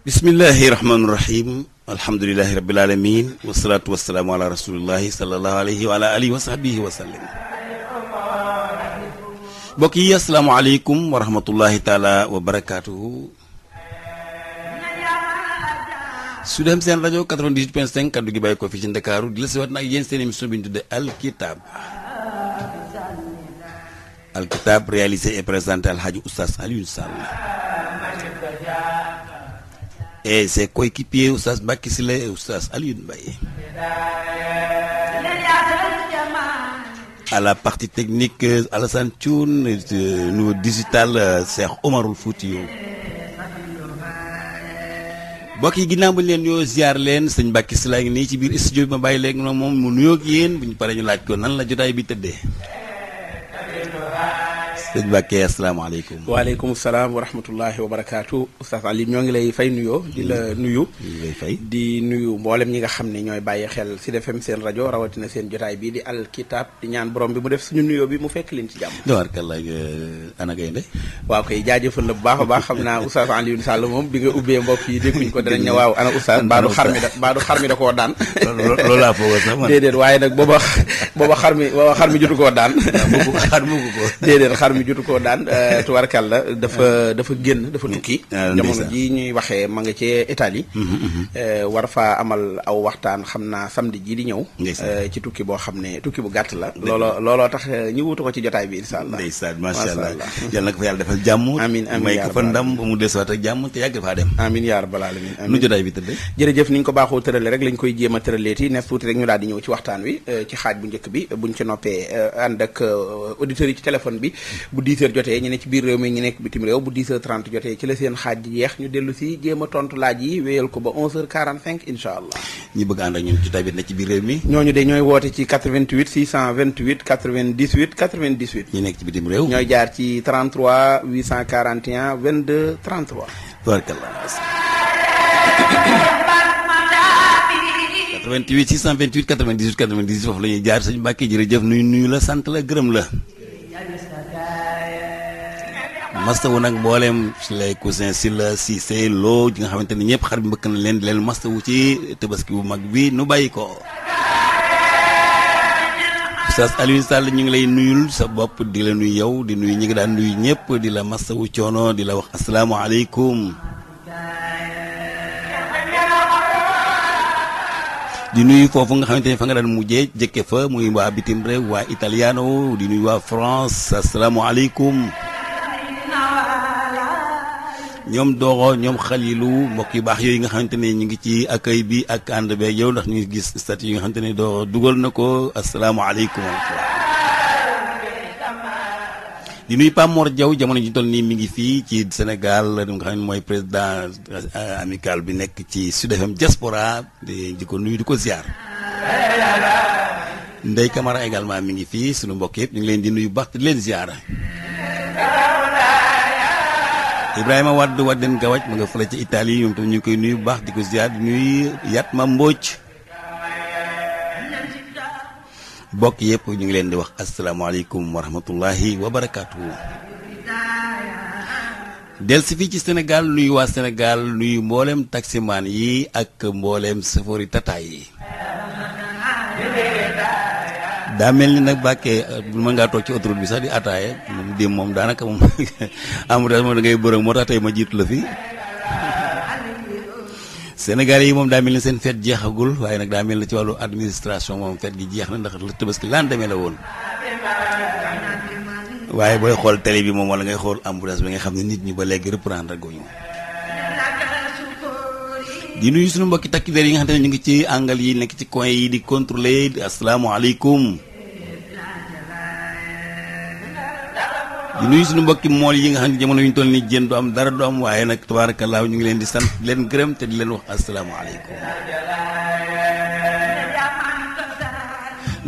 bismillahi rahmaani rahim alhamdulilahi rabil alamin wasalaatu wasalaamu ala rasulillahi salallahu alayhi wa ala alihi wa sahbihi wa sallam mbokk yi asalaamaaleykum wa rahmatullahi taala wa barakaatuhu su dem seen rajo 98.5 kaddu gi bàyyi ko fii ci Ndakaaru di la si waat nag yéen seen émission bi ñu tudde Alkitab Alkitab réalisé et présenté Alhaji Oustaz Alioune Sall et ses coéquipiers Oustaz Mbacké Sylla et Oustaz Alioune Mbaye à la partie technique Alassane Thioune niveau digital Cheikh eh, Omarul Foutiyou mbokk yi ginnaaw bu leen yoo ziar leen sëñ Mbacké Sylla ngi nii ci biir studio bi ma bàyyi léegi moom mu nuyoog yéen bu ñu paree ñu laaj ko nan la jotaay bi tëddee sëñ Mbacke asalaamaaleykum. waaleykum salaam wa rahmatullahi wa barakaatu. Oustaz Ali ñoo ngi lay fay nuyoo. di la mm-hmm. nuyu. lay fay di nuyu mboolem ñi nga xam ne ñooy bàyyi xel Sud FM seen rajo rawatina seen jotaay bii di alkitab di ñaan borom bi mu def suñu nuyoo bi mu fekk leen ci jàmm. tabaarkalla eh, ana gaynde waaw koy jaajëfal la bu baax a baax xam naa Oustaz Alioune Sall moom bi nga ubbee mbokk yi dégguñ ko danañ ne waaw ana Oustaz mbaa du xar mi da mbaa du xar mi da koo daan. loolu laa foogoon sax man déedéet waaye nag booba booba xar mi booba xar mi jotu koo daan déedéet xar mi jotu koo daan euh, tubarkalla dafa dafa génn dafa tukki jamono ji ñuy waxee ma nga cee Italie mm-hmm, mm-hmm. Euh, war faa amal aw waxtaan xam naa samedi ji di ñëw euh, ci tukki boo xam ne tukki bu gàtt la looloo looloo tax ñu wutu ko ci jotaay bi insha allah ndeysaan macha allah yal na ko fa yàlla defal jàmm amiin ba mu desuwaat ak jàmm te yàgg faa dem amiin yaa rabbal alamin amiin nu jotaay bi tëddee jërëjëf ni ñu ko baaxoo tërale rek lañ koy jéem a tëraleeti nes tuuti rek ñu daal di ñëw ci waxtaan wi ci xaaj bu njëkk bi buñ ci noppee ànd ak yi ci téléphone bi bu 10 heures jotee ñu ne ci biir réew mi ñu nekk bitim réew bu 10 heures 30 jotee ci la seen xaaj ji ñu dellu si jéem a tontu laaj yi wéyal ko ba 11 heures 45 incha allah ñi bëgg ànd ak ñun ci tamit ñooy woote ci 88 628 98 98 ñi nekk ci bitim réew ñooy jaar ci 33 841 22 33 tabarakallah 28 628 98 98 foofu la ñuy jaar sëñ Mbàkke jërëjëf nuyu nuyu la sant la gërëm la mastawu nag mbooleem si lay cousin si la Cissé loo ji nga xamante ni ñëpp xar bi mbëkk na leen di leen mastawu ci tabaski bu mag bi nu bàyyi ko Oustaz ñu ngi lay nuyul sa bopp di la nuy yow di nuy ñi ngi daan nuyu ñëpp di la mastawu coono di la wax asalaamualeykum di nuyu foofu nga xamante ni fa nga daan mujje jëkke fa muy waa bitim réew waa italiano di nuyu waa France asalaamualeykum ñoom Doro ñoom Xalilu mbokk yu baax yooyu nga xamante ne ñu ngi ci accueil bi ak ànd beeg yow ndax ñu ngi gis statut yi nga xamante ne Doro dugal na ko asalaamaaleykum wa rahmatulah di nuyu Pape Mor jamono ji toll nii mi ngi fii ci Sénégal li nga xam ne mooy président euh, amical bi nekk ci Sud FM diaspora di ko nuyu di ko ziar. Ndeye Camara également mi ngi fii sunu mbokk yëpp ñu ngi leen di nuyu baax di leen ziar. Ibrahima Wade Wadeen Gawaj ma nga fële itali Italie ñoom tam ñu koy nuyu bu baax di ko ziar yat ma Mbóoj bokk yépp ñu ngi leen di wax asalaamaaleykum wa rahmatullahi wa barakaatuhu del si fii ci Sénégal nuyu waa Sénégal nuyu mbooleem taximaan yi ak mboolem safori tataay yi daa mel ni nag Mbàkke euh, mën ngaa toog ci autoroute bi sax di ataaye moom démb moom daanaka moom embouteillage moom da ngay bërëg moo tax tey ma jiitu la fi Sénégalais yi moom daa mel ni seen fête jeexagul waaye nag daa mel na ci wàllu administration moom fête gi jeex na ndax la Tabaski lan demee la woon waaye booy xool télé bi moom walla ngay xool embouteillage bi nga xam ne nit ñi ba léegi reprendre guñu di nuyu suñu mbokki takk der yi nga xam ne ñu ngi ci àngal yi nekk ci coin yi di contrôler asalaamaaleykum di nuyu suñu mbokki mool yi nga xam ne jamono yu ñu toll nii jën du am dara du am waaye nag tabaarakallaahu ñu ngi leen di sant leen gërëm te di leen wax asalaamaaleykum.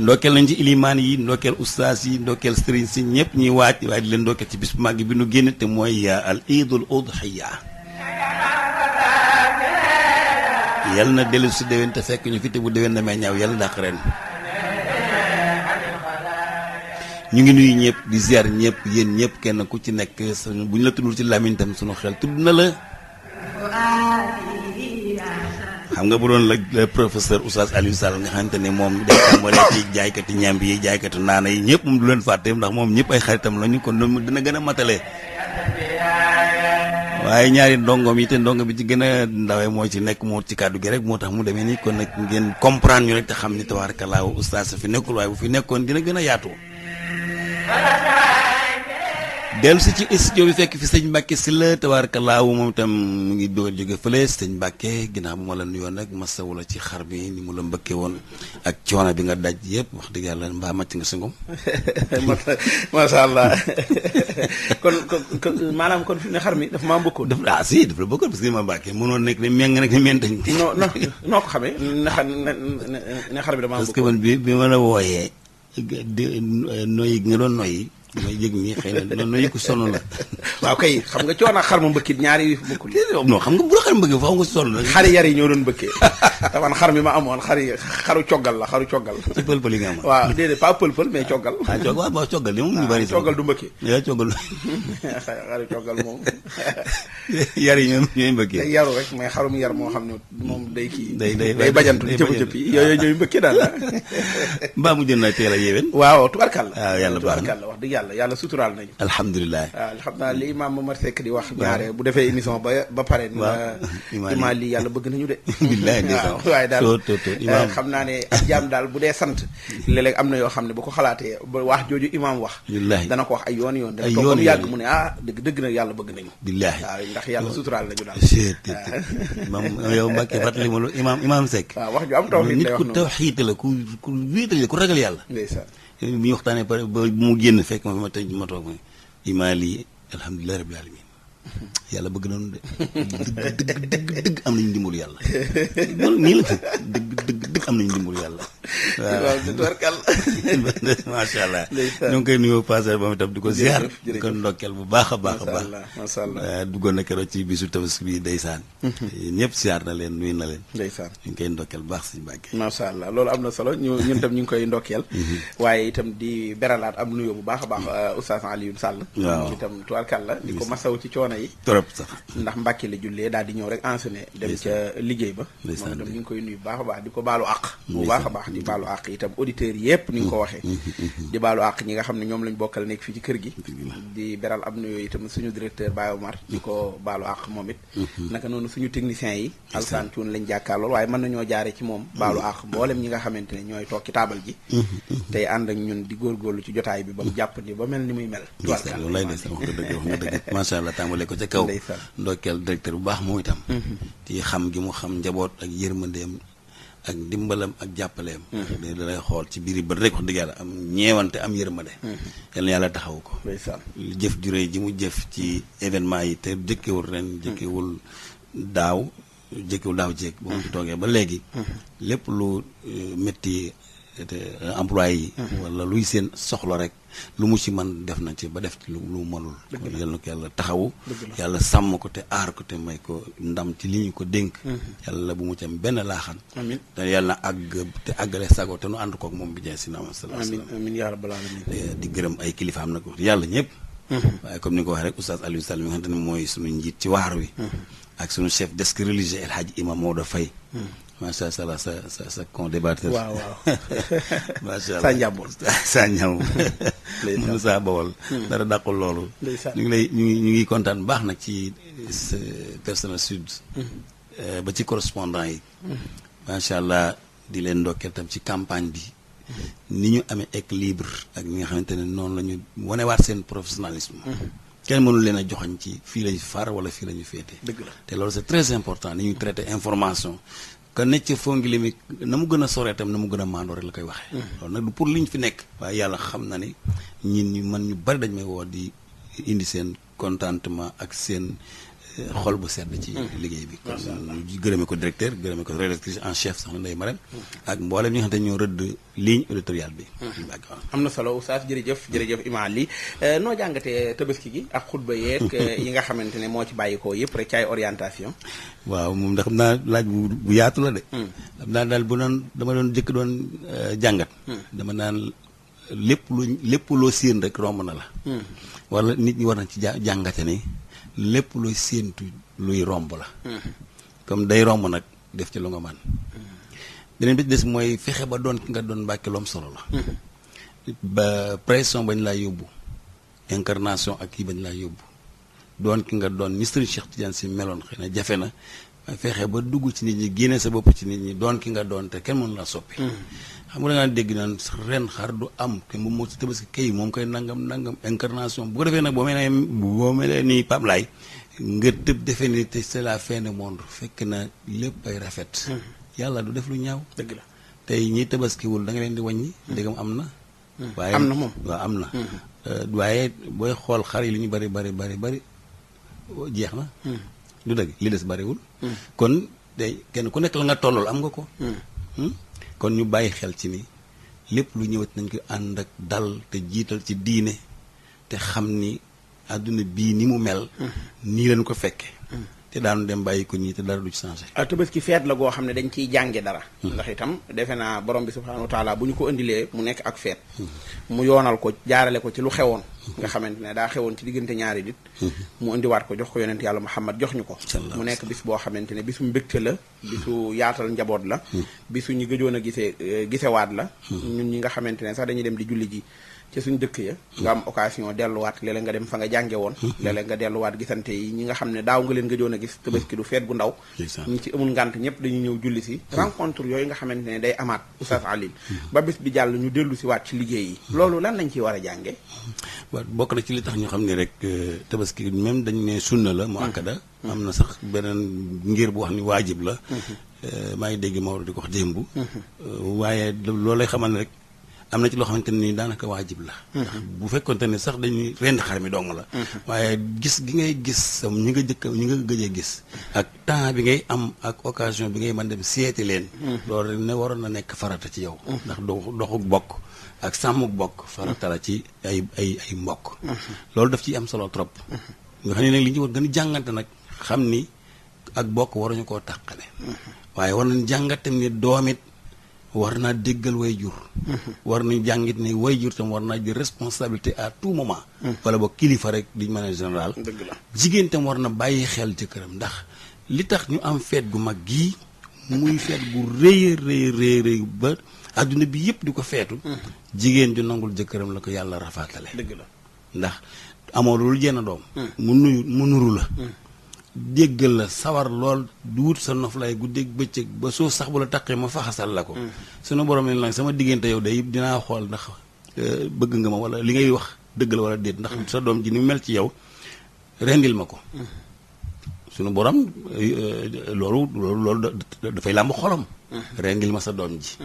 ndokkeel nañ ci ilimaan yi ndokkeel ustaas yi ndokkeel sëriñ si ñëpp ñuy waaj waaye di leen ndokkeel ci bis bu màgg bi nu génn te mooy al iidul udhiya yal na dellusi si déwén te fekk ñu fi te bu déwén damay ñaaw yal na dàq ren. ñu ngi nuyu ñëpp di ziar ñëpp yéen ñëpp kenn ku ci nekk suñu bu ñu la tuddul ci làmmiñ sunu suñu xel tudd na la. xam nga bu doon la le professeur Oustaz Aliou Sall nga xamante ne moom day tàmbalee ci jaaykati ñambi yi jaaykati naana yi ñëpp du leen fàtte ndax moom ñëpp ay xaritam lañu kon loolu dina gën a matale. waaye ñaari ndongoom yi te ndongo bi ci gën a ndawee moo ci nekk moo ci kàddu gi rek moo tax mu demee nii kon nag ngeen comprendre ñu rek te xam ni tabaarakalaaw oustaz fi nekkul waaye bu fi nekkoon dina gën a yaatu. dellu si ci studio bi fekk fi sëñ Mbacke si la tabaarkalaaw moom itam mu ngi door jóge fële sëñ Mbacke ginnaaw bu ma la nuyoon nag masawu la ci xar bi ni mu la mbëkkee woon ak coono bi nga daj yëpp wax dëgg yàlla mbaa màcc nga si ngom. macha allah kon kon maanaam kon fi ne xar mi daf maa mbëkkoon. daf ah si bi damaa mbëkkoon wooyee. Eh, noyyi gi nga may jég mi xëy na noonu yëkku sonn la waaw kay xam nga coono xar ma mbëkkit ñaari yu fi bokkul non xam nga bu la xar mbëkkee faaw yi ñoo doon bëkkee taman xar mi ma amoon xari xaru la xaru coggal ci pël-pël yi nga amoon waaw déedéet pas pël-pël mais coggal ah, waaw waaw coggal di moom ñu bari ah, coggal du mbëkkee yaa coggal xaru coggal moom yar xarum yar moo xam ne moom day kii day bajantu jëpp-jëpp yi yooyu ñooy mbëkkee daal mbaa mu jën na teel a yéwén waaw tubarkal waaw ah, yàlla baax na tubarkal la wax dëgg yàlla yàlla suturaal nañu alhamdulilah waaw xam naa li imaam Momar Seck di wax ñaare bu defee émission ba ba pare na imaam yàlla bëgg nañu de waaye daal eh, xam naa ne ak daal bu dee sant léeg am na yoo xam ne bu ko xalaatee ba wax jooju imaam wax dana ko wax ay yoon yoon dana toog yàgg mu ne ah dëgg dëgg na yàlla bëgg nañu billahi waaw ndax yàlla suturaal nañu daal imaam yow Mbacke fàttali ma lu imaam imaam Seck waaw wax ju am tawxiid nit ku tawxiid la ku ku la ku ragal yàlla bi ñu waxtaanee pare ba mu génn fekk ma ma tëj ma toog ma imaa lii alhamdulilah rabbil alamin yàlla bëgg nañu de dëgg dëgg dëgg am nañu dimbalu yàlla nii la dëgg dëgg dëgg am nañu dimbalu yàlla waaw di tubarkal macha allah ñu ngi koy nuyoo passé moom itam di ko ziar di ko bu baax a baax a baax macha allah duggoon na keroog ci bisu tabaski bi ndeysaan ñëpp ziar na leen nuyu na leen ndeysaan ñu ngi koy ndokkeel bu baax si Mbàkke macha allah loolu am na solo ñu tam ñu ngi koy ndokkeel waaye itam di beralaat am nuyoo bu baax a baax mm. uh, oustaz Alioune Sall waaw itam tubarkal la di ko masaw ci coono yi trop sax ndax Mbàkke la jullee daal di ñëw rek enseigné dem ca liggéey ba moom itam ñu ngi koy nuyu bu baax a baax di ko baalu àq bu baax a baax di baalu àq itam auditeurs yëpp ni nga ko waxee mm-hmm, mm-hmm, mm-hmm. di baalu àq ñi nga xam ne ñoom lañ bokkal nekk fii ci kër gi di beral am nuyoo itam suñu directeur Baye Omar di ko baalu àq moom it naka noonu suñu techniciens yi alsaan cuun lañ jàkkaarlool waaye mën nañoo jaare ci moom baalu àq mboolem ñi nga xamante ne ñooy toog ci taabal ji tey ànd ak ñun di góorgóorlu ci jotaay bi ba mu jàppandi ba mel ni muy mel lay de sax wax nga dëgg wax nga dëgg macha allah tàmbale ko ca bu baax moom ak ndimbalam ak jàppaleem. Hmm. da dalay xool ci biir ba rek wax dëgg yàlla am ñeewante am yërmande. Hmm. yal na yàlla taxawu ko. jëf ju ji mu jëf ci événement yi te jëkkewul ren. Hmm. jëkkewul daaw jëkkewul daaw jéeg. boo fi toogee ba léegi. lépp lu eh, métti Euh, employé yi mm-hmm. wala luy seen soxla rek lu mu ci man def na ci ba def lu mu mënul kon yal na yàlla taxawu yàlla sàmm ko te aar ko te may ko ndam ci li ñu ko dénk mm-hmm. yàlla bu mu ci benn laaxan te yàlla na àgg te àggale sago te nu ànd kook moom bi jaay si naam salaam amiin yaa rabbal aalamiin eh, di gërëm ay kilifaam nag yàlla ñëpp mm-hmm. waaye comme ni ko waxee rek oustaz Alioune Sall mi nga xamante ne mooy suñu njiit ci waar wi ak suñu chef desk religieux El Hadji Imam Maodo macha allah sa sa sa con débatteur. waaw waaw macha allah sa njàmbur saa bawal. dara dàqul loolu. ñu ngi ñu ngi kontaan baax nag ci personnel sud. Hmm. Eh, ba ci correspondant yi. Hmm. macha allah di leen ndokkeel tam ci campagne bi. Hmm. ni ñu amee équilibre ak ñi nga xamante ne noonu la ñu wanewaat seen professionnalisme. kenn mënul leen a joxañ ci fii lañu far wala fii la ñu féete. dëgg la te loolu c'est très important ni ñuy traiter information que ne ci fongile mi na mu gën a soree tam na mu gën a maandoo rek la koy waxee. Mm. loolu nag du pour liñ fi nekk. waaye yàlla xam na ni ñin ñu man ñu bari dañ may woo di indi seen contentement ak seen xol bu sedd ci liggéey bi gërëme ko directeur gërëme ko rédactrice en chef sax Ndeye Marème ak mboolem ñi nga xam ñoo rëdd ligne éditoriale bi am na solo Oustaz jërëjëf jërëjëf Imaam li euh, noo jàngatee tabaski gi ak xutba yeeg euh, yi nga xamante ne moo ci bàyyikoo yëpp rek ci orientation waaw moom ndax xam naa laaj bu yaatu la de xam naa daal bu noon dama doon jëkk doon euh, jàngat dama naan lépp lu lépp loo séen rek romb na la wala nit ñi war na ci jàngate ni lépp luy séentu luy romb la mm-hmm. comme day romb nag def ci lu nga man mm-hmm. beneen bi ci des mooy fexe ba doon ki nga doon mbàkke solo la mm-hmm. ba pression bañ laa yóbbu incarnation ak kii bañ laa yóbbu doon ki nga doon ni Serigne Cheikh Tidiane si meloon xëy na jafe na fexe ba dugg ci nit ñi génne sa bopp ci nit ñi doon ki nga doon te kenn mënu la soppi mm. xam nga da ngaa dégg naan ren xar du am te moom moo ci tabaski kay moom koy nangam nangam incarnation bu ko defee nag boo mel ne boo mel ni nga tëb defee ni te c'est la fin du monde fekk na lépp ay rafet mm. yàlla du def lu ñaaw dëgg la tey ñi tabaskiwul danga leen di wàññi mm. ndegam am na waaye am na moom am na euh, waaye booy xool xar yi lu ñu bari bari bari bari jeex na du dëgg li des bariwul hmm. kon de kenn ku nekk la nga tollool am nga ko hmm. Hmm? kon ñu bàyyi xel ci ni lépp lu ñëwati nañ ko ànd ak dal te jiital ci diine te xam ni àdduna bii ni mu mel nii lañ ko fekke te daanu dem bàyyi ko ñii te dara du ci changé ah, tabaski feet la goo xam ne dañ ciy jànge dara hmm. ndax itam defe naa borom bi subhaanahu bu ñu ko indilee mu nekk ak feet hmm. mu yoonal ko jaarale ko ci lu xewoon hmm. nga xamante ne daa xewoon ci diggante ñaari nit mu indiwaat ko jox ko yonent yàlla muhammad jox ñu ko mu nekk bis boo xamante ne bisu mbégte la bisu yaatal njaboot la bisu ñu gëjoon a gisee eh, gisewaat la ñun ñi nga xamante ne sax dañuy dem di julli ca suñ dëkk ya nga am occasion delluwaat léeg nga dem fa nga jànge woon mm-hmm. lele nga delluwaat gisante yi ñi nga xam ne daaw nga leen gëjoon a gis mm-hmm. tabaski du feet bu ndaw ñi ci amul ngànt ñëpp dañu ñëw julli si mm-hmm. rencontre yooyu nga xamante ne day amaat oustaz Alioune ba bis bi jàll ñu dellu si waat ci liggéey yi loolu lan lañ ciy war a jànge waaw bokk na ci li tax ñu xam ne rek euh, tabaski même dañ ne sunna la mu akkada am na sax beneen ngir bu wax ni waajib la euh, maa ngi dégg Maodo di ko wax démb euh, waaye loolu lay xamal rek am na ci loo xamante nii daanaka waajib la. Mm-hmm. bu fekkonte ne sax dañuy rend xar mi dong la. Mm-hmm. waaye gis gi ngay gis sam ñu nga jëkk ñu nga gëj gis. Mm-hmm. ak temps bi ngay am ak occasion bi ngay mën dem seeti leen. loolu ne waroon na nekk farata ci yow. ndax doxuk bokk ak sàmmuk bokk. farata la ci ay ay ay mbokk. loolu daf ciy am solo trop. nga xam ne nag li ñu war gën jàngante nag xam ni ak bokk waruñu koo tàqale. waaye war nañ jàngate ni doom war naa déggal way jur mm-hmm. war nañ jàngit ni way jur tam war naa jël responsabilité à tout moment mm-hmm. wala boog kilifa rek di manière générale jigéen tam war na bàyyi xel ci këram ndax li tax ñu am feet gu mag gii muy feet gu rëy rëy rëy rëy ba adduna bi yëpp di ko feetu mm-hmm. jigéen ju nangul jëkkëram la ko yàlla rafaatale dëgg la ndax amoo lu jenn doom mm. mu nuru la mm. dégg la sawar lool du wut sa noflaay guddeeg bëccëg ba suuf sax bu la taqee ma faxasal la ko. Mm-hmm. sunu borom ne sama diggante yow day dinaa xool ndax euh, bëgg nga ma wala li ngay wax dëgg la wala déet. ndax mm-hmm. sa doom ji ni mel ci yow rendil ma ko. Mm-hmm. sunu borom euh, loolu loolu dafay làmb xolam. rendil ma sa doom ji.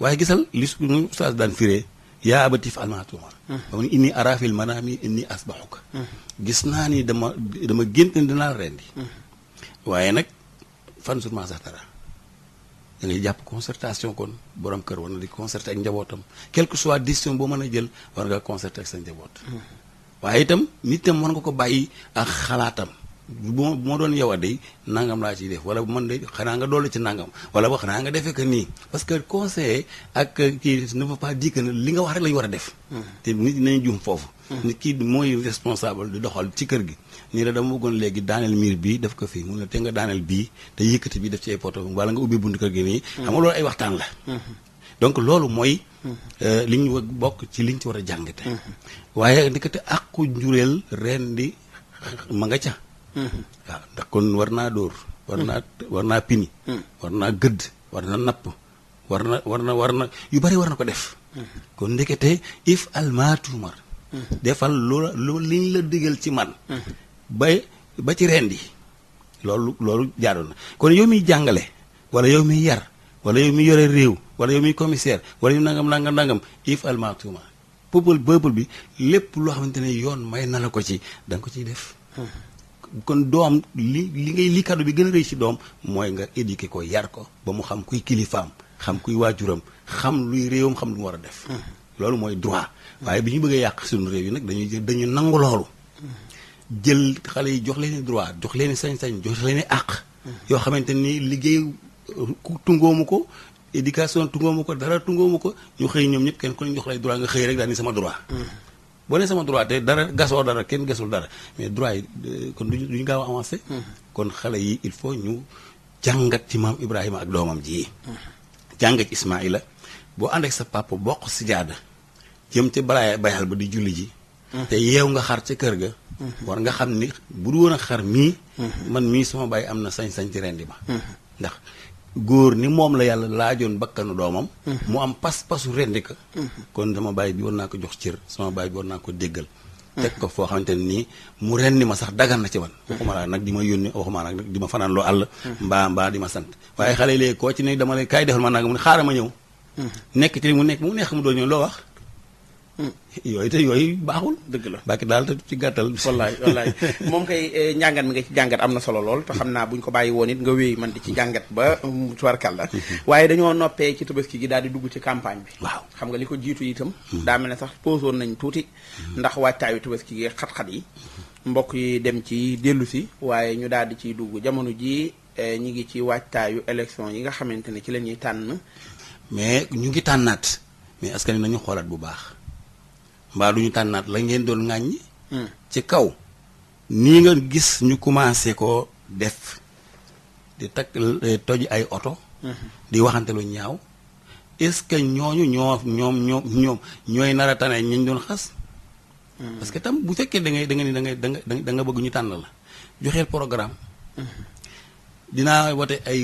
waaye gisal li sunu saas daan firee. yaa abati if'al maa tu'mar ba mu ne inni araa manaami inni asbaxuka gis naa ni dama dama gént ne dinaa rendi waaye nag fan sur maa sax dara da ngay jàpp concertation kon borom kër war na di concerté ak njabootam quel que soit décision boo mën a jël war nga concerté ak sa njaboot waaye itam nit tam nga ko bàyyi ak xalaatam bu moo doon yow a day nangam laa ciy def wala man de xanaa nga dolli ci nangam wala ba xanaa nga defee que nii parce que conseiller ak kii ne veut pas dire que li nga wax rek la war a def. Hmm. te nit nañu juum foofu. Hmm. nit kii mooy responsable di doxal ci kër gi. nii la dama bëggoon léegi daaneel miir bii def ko fii mu ne te nga daaneel bii te yëkkati bii def ci ay poto wala nga ubbi buntu kër gi nii. Hmm. xam nga loolu ay waxtaan la. donc loolu mooy. Euh, li ñu bokk ci liñ ci war a jàngate. waaye ndekete àqu njureel ren di nga ca. waaw mm-hmm. ah, ndax kon war naa dóor war naa mm-hmm. war naa pini mm-hmm. war naa gëdd war na napp war na war na war na yu bari war na ko def kon ndekete if almatumar defal loola loolu liñ la digal ci man bay ba ci loolu loolu jaadoon na kon yow miy jàngale wala yow mi yar wala yow miy yore réew wala yow miy commissaire wala yow nangam nangam nangam if almatumar peuple peuple bi lépp loo xamante ni yoon may na la ko ci da ko ciy def kon doom li li ngay li kàddu bi gën a rëy si doom mooy nga éduquer ko yar ko ba mu xam kuy kilifaam xam kuy waajuram xam luy réewam xam lu mu war a def. Mm-hmm. loolu mooy droit waaye bi ñu bëggee yàq suñu réew yi nag dañuy jël dañu nangu loolu. Mm-hmm. jël xale yi jox leen droit jox leen sañ-sañ jox leen àq. Mm-hmm. yoo xamante nii liggéey tungoomu ko éducation tungoomu ko dara tungoomu ko ñu xëy ñoom ñëpp kenn ku ne jox lay droit nga xëy rek daal sama droit. boo nee sama droit dara gasoo dara kenn gasul dara mais droit yi euh, kon duñu duñu gaaw a avancé. Mm-hmm. kon xale yi il faut ñu jàngat ci maam Ibrahima ak doomam ji. Mm-hmm. jàngat ci Ismaïla boo ànd sa papa bokk si jaada jëm ca balaay bayal ba di julli ji. Mm-hmm. te yeew nga xar ca kër ga. war nga xam ni bu du woon a xar mii. man mii sama baay am na sañ-sañ ci rendi ma ndax. góor ni moom la yàlla laajoon bakkanu doomam. Mhm. mu am pas-pasu rendi ko. Mhm. kon sama bàyyi bi war naa ko jox cër sama baay bi war naa ko déggal. Mhm. teg ko foo xamante ne nii mu rendi ma sax dagan na ci man. waxuma laa nag di ma yónni waxuma laa nag di ma fanaan loo àll. mbaa mbaa di ma sant waaye xale yi léegi koo ci ne dama lay kaay defal ma nag mu ne xaaral ma ñëw. nekk ci li mu nekk mu neex mu doon ñëw loo wax. yooy te yooyu baaxul. dëgg la bàkki daal te ci gàttal. wallaay wallaay moom kay eh, njàngat mi nga ci jàngat am na solo lool te xam naa bu ñu ko bàyyi woon it nga wéy man di ci jàngat ba mm, tubarkal la waaye dañoo noppee ci tabaski gi daal di dugg ci campagne bi. waaw xam nga li ko jiitu itam. Mm. daa mel ne sax posé woon nañ tuuti. Mm. ndax waajtaayu tabaski gi xat-xat yi. mbokk yi dem ci dellu si waaye ñu daal di ciy dugg jamono jii eh, ñi ngi ci waajtaayu élection yi nga xamante ne ci la ñuy tànn. mais ñu ngi tànnaat mais askan wi nañu xoolaat bu baax mbaa du ñu tànnaat la ngeen doon ŋàññi hmm. ci kaw nii nga gis ñu commencé ko def di takk toj ay oto hmm. di waxante lu ñaaw est-ce que ñooñu ñoo ñoom ñoom ñoom ñooy nar a tane ñu doon xas hmm. parce que tam bu fekkee da ngay da nga da ngay da nga da nga bëgg ñu tànn la joxeel programme dinaa wote ay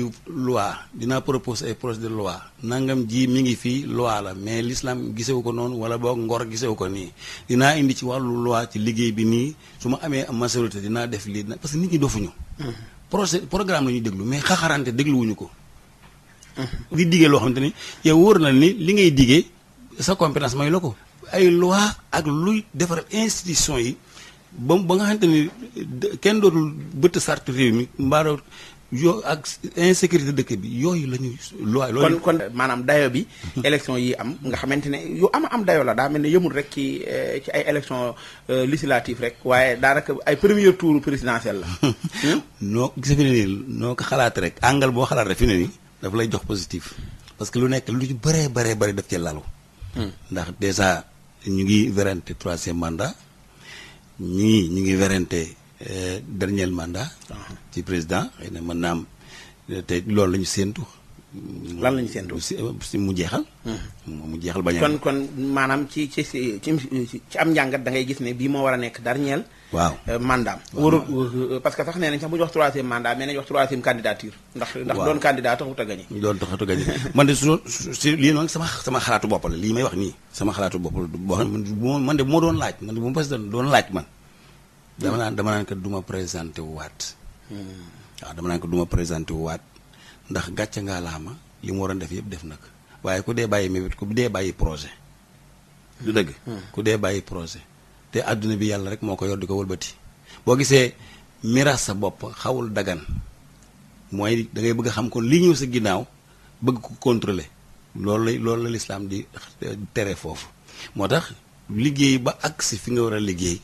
loi dinaa propose ay projet de loi nangam jii mi ngi fii loi la mais l'islam gisewu ko noonu wala boog ngor gisewu ko nii dinaa indi ci wàllu loi ci liggéey bi nii su ma amee majorité dinaa def lii parce que nit ñi dofuñu mm-hmm. projet programme la déglu mais xaxarante dégluwuñu ko di mm-hmm. diggee loo xamante ni yow wóor na ni li ngay diggee sa compétence may la ko ay loi ak luy defaral institution yi ba ba nga xam xamante ni kenn dootul bëtt sart réew mi yoo ak insécurité dëkk bi yooyu la ñuy loi loolu kon kon maanaam dayo bi élection yi am nga xamante ne yu ama am dayo la daa mel ni yëmul rek ci eh, ci ay élection eh, législative rek waaye daanaka ay premier tour présidentiel la hmm? noo gis fi ne nii noo ko xalaat rek angal boo xalaat rek fi ne nii daf lay jox positif parce que lu nekk lu ci bëree bëree bëri daf ci lalu hmm. ndax dèjà ñu ngi werante troisième mandat ñii ñu ngi werante Euh, dernier mandat. Ah. ci président xëy na mën naa am euh, te loolu la ñu séentu. lan la ñu séentu si mu jeexal. Hmm. mu jeexal bañ kon kon maanaam ci ci ci ci am njàngat da ngay gis ne bii moo war a nekk dernier. waaw euh, mandat warul parce que sax nee nañ sax bu ñu wax troisième mandat mais nañ wax troisième candidature. ndax ndax doon candidat taxut a gañe. doon taxut a gañe man de su si lii noonu sama sama xalaatu bopp la lii may wax nii. sama xalaatu bopp la boo xam man de bu ma doon laaj man de bu ma doon laaj man. dama naan dama naan ko du ma présenté wu waat. waaw dama naan ko duma ma wu waat ndax gàcce ngaa laama li mu waroon def yëpp def na ko waaye ku dee bàyyi mébét ku dee bàyyi projet. du dëgg. Hmm. ku dee bàyyi projet. te àdduna bi yàlla rek moo ko yor di ko wëlbati boo gisee miraas sa bopp xawul dagan mooy da ngay bëgg a xam kon lii ñëw sa ginnaaw bëgg ko contrôler loolu la loolu la lislaam di eh, tere foofu moo tax liggéey ba agsi fi nga war a liggéey.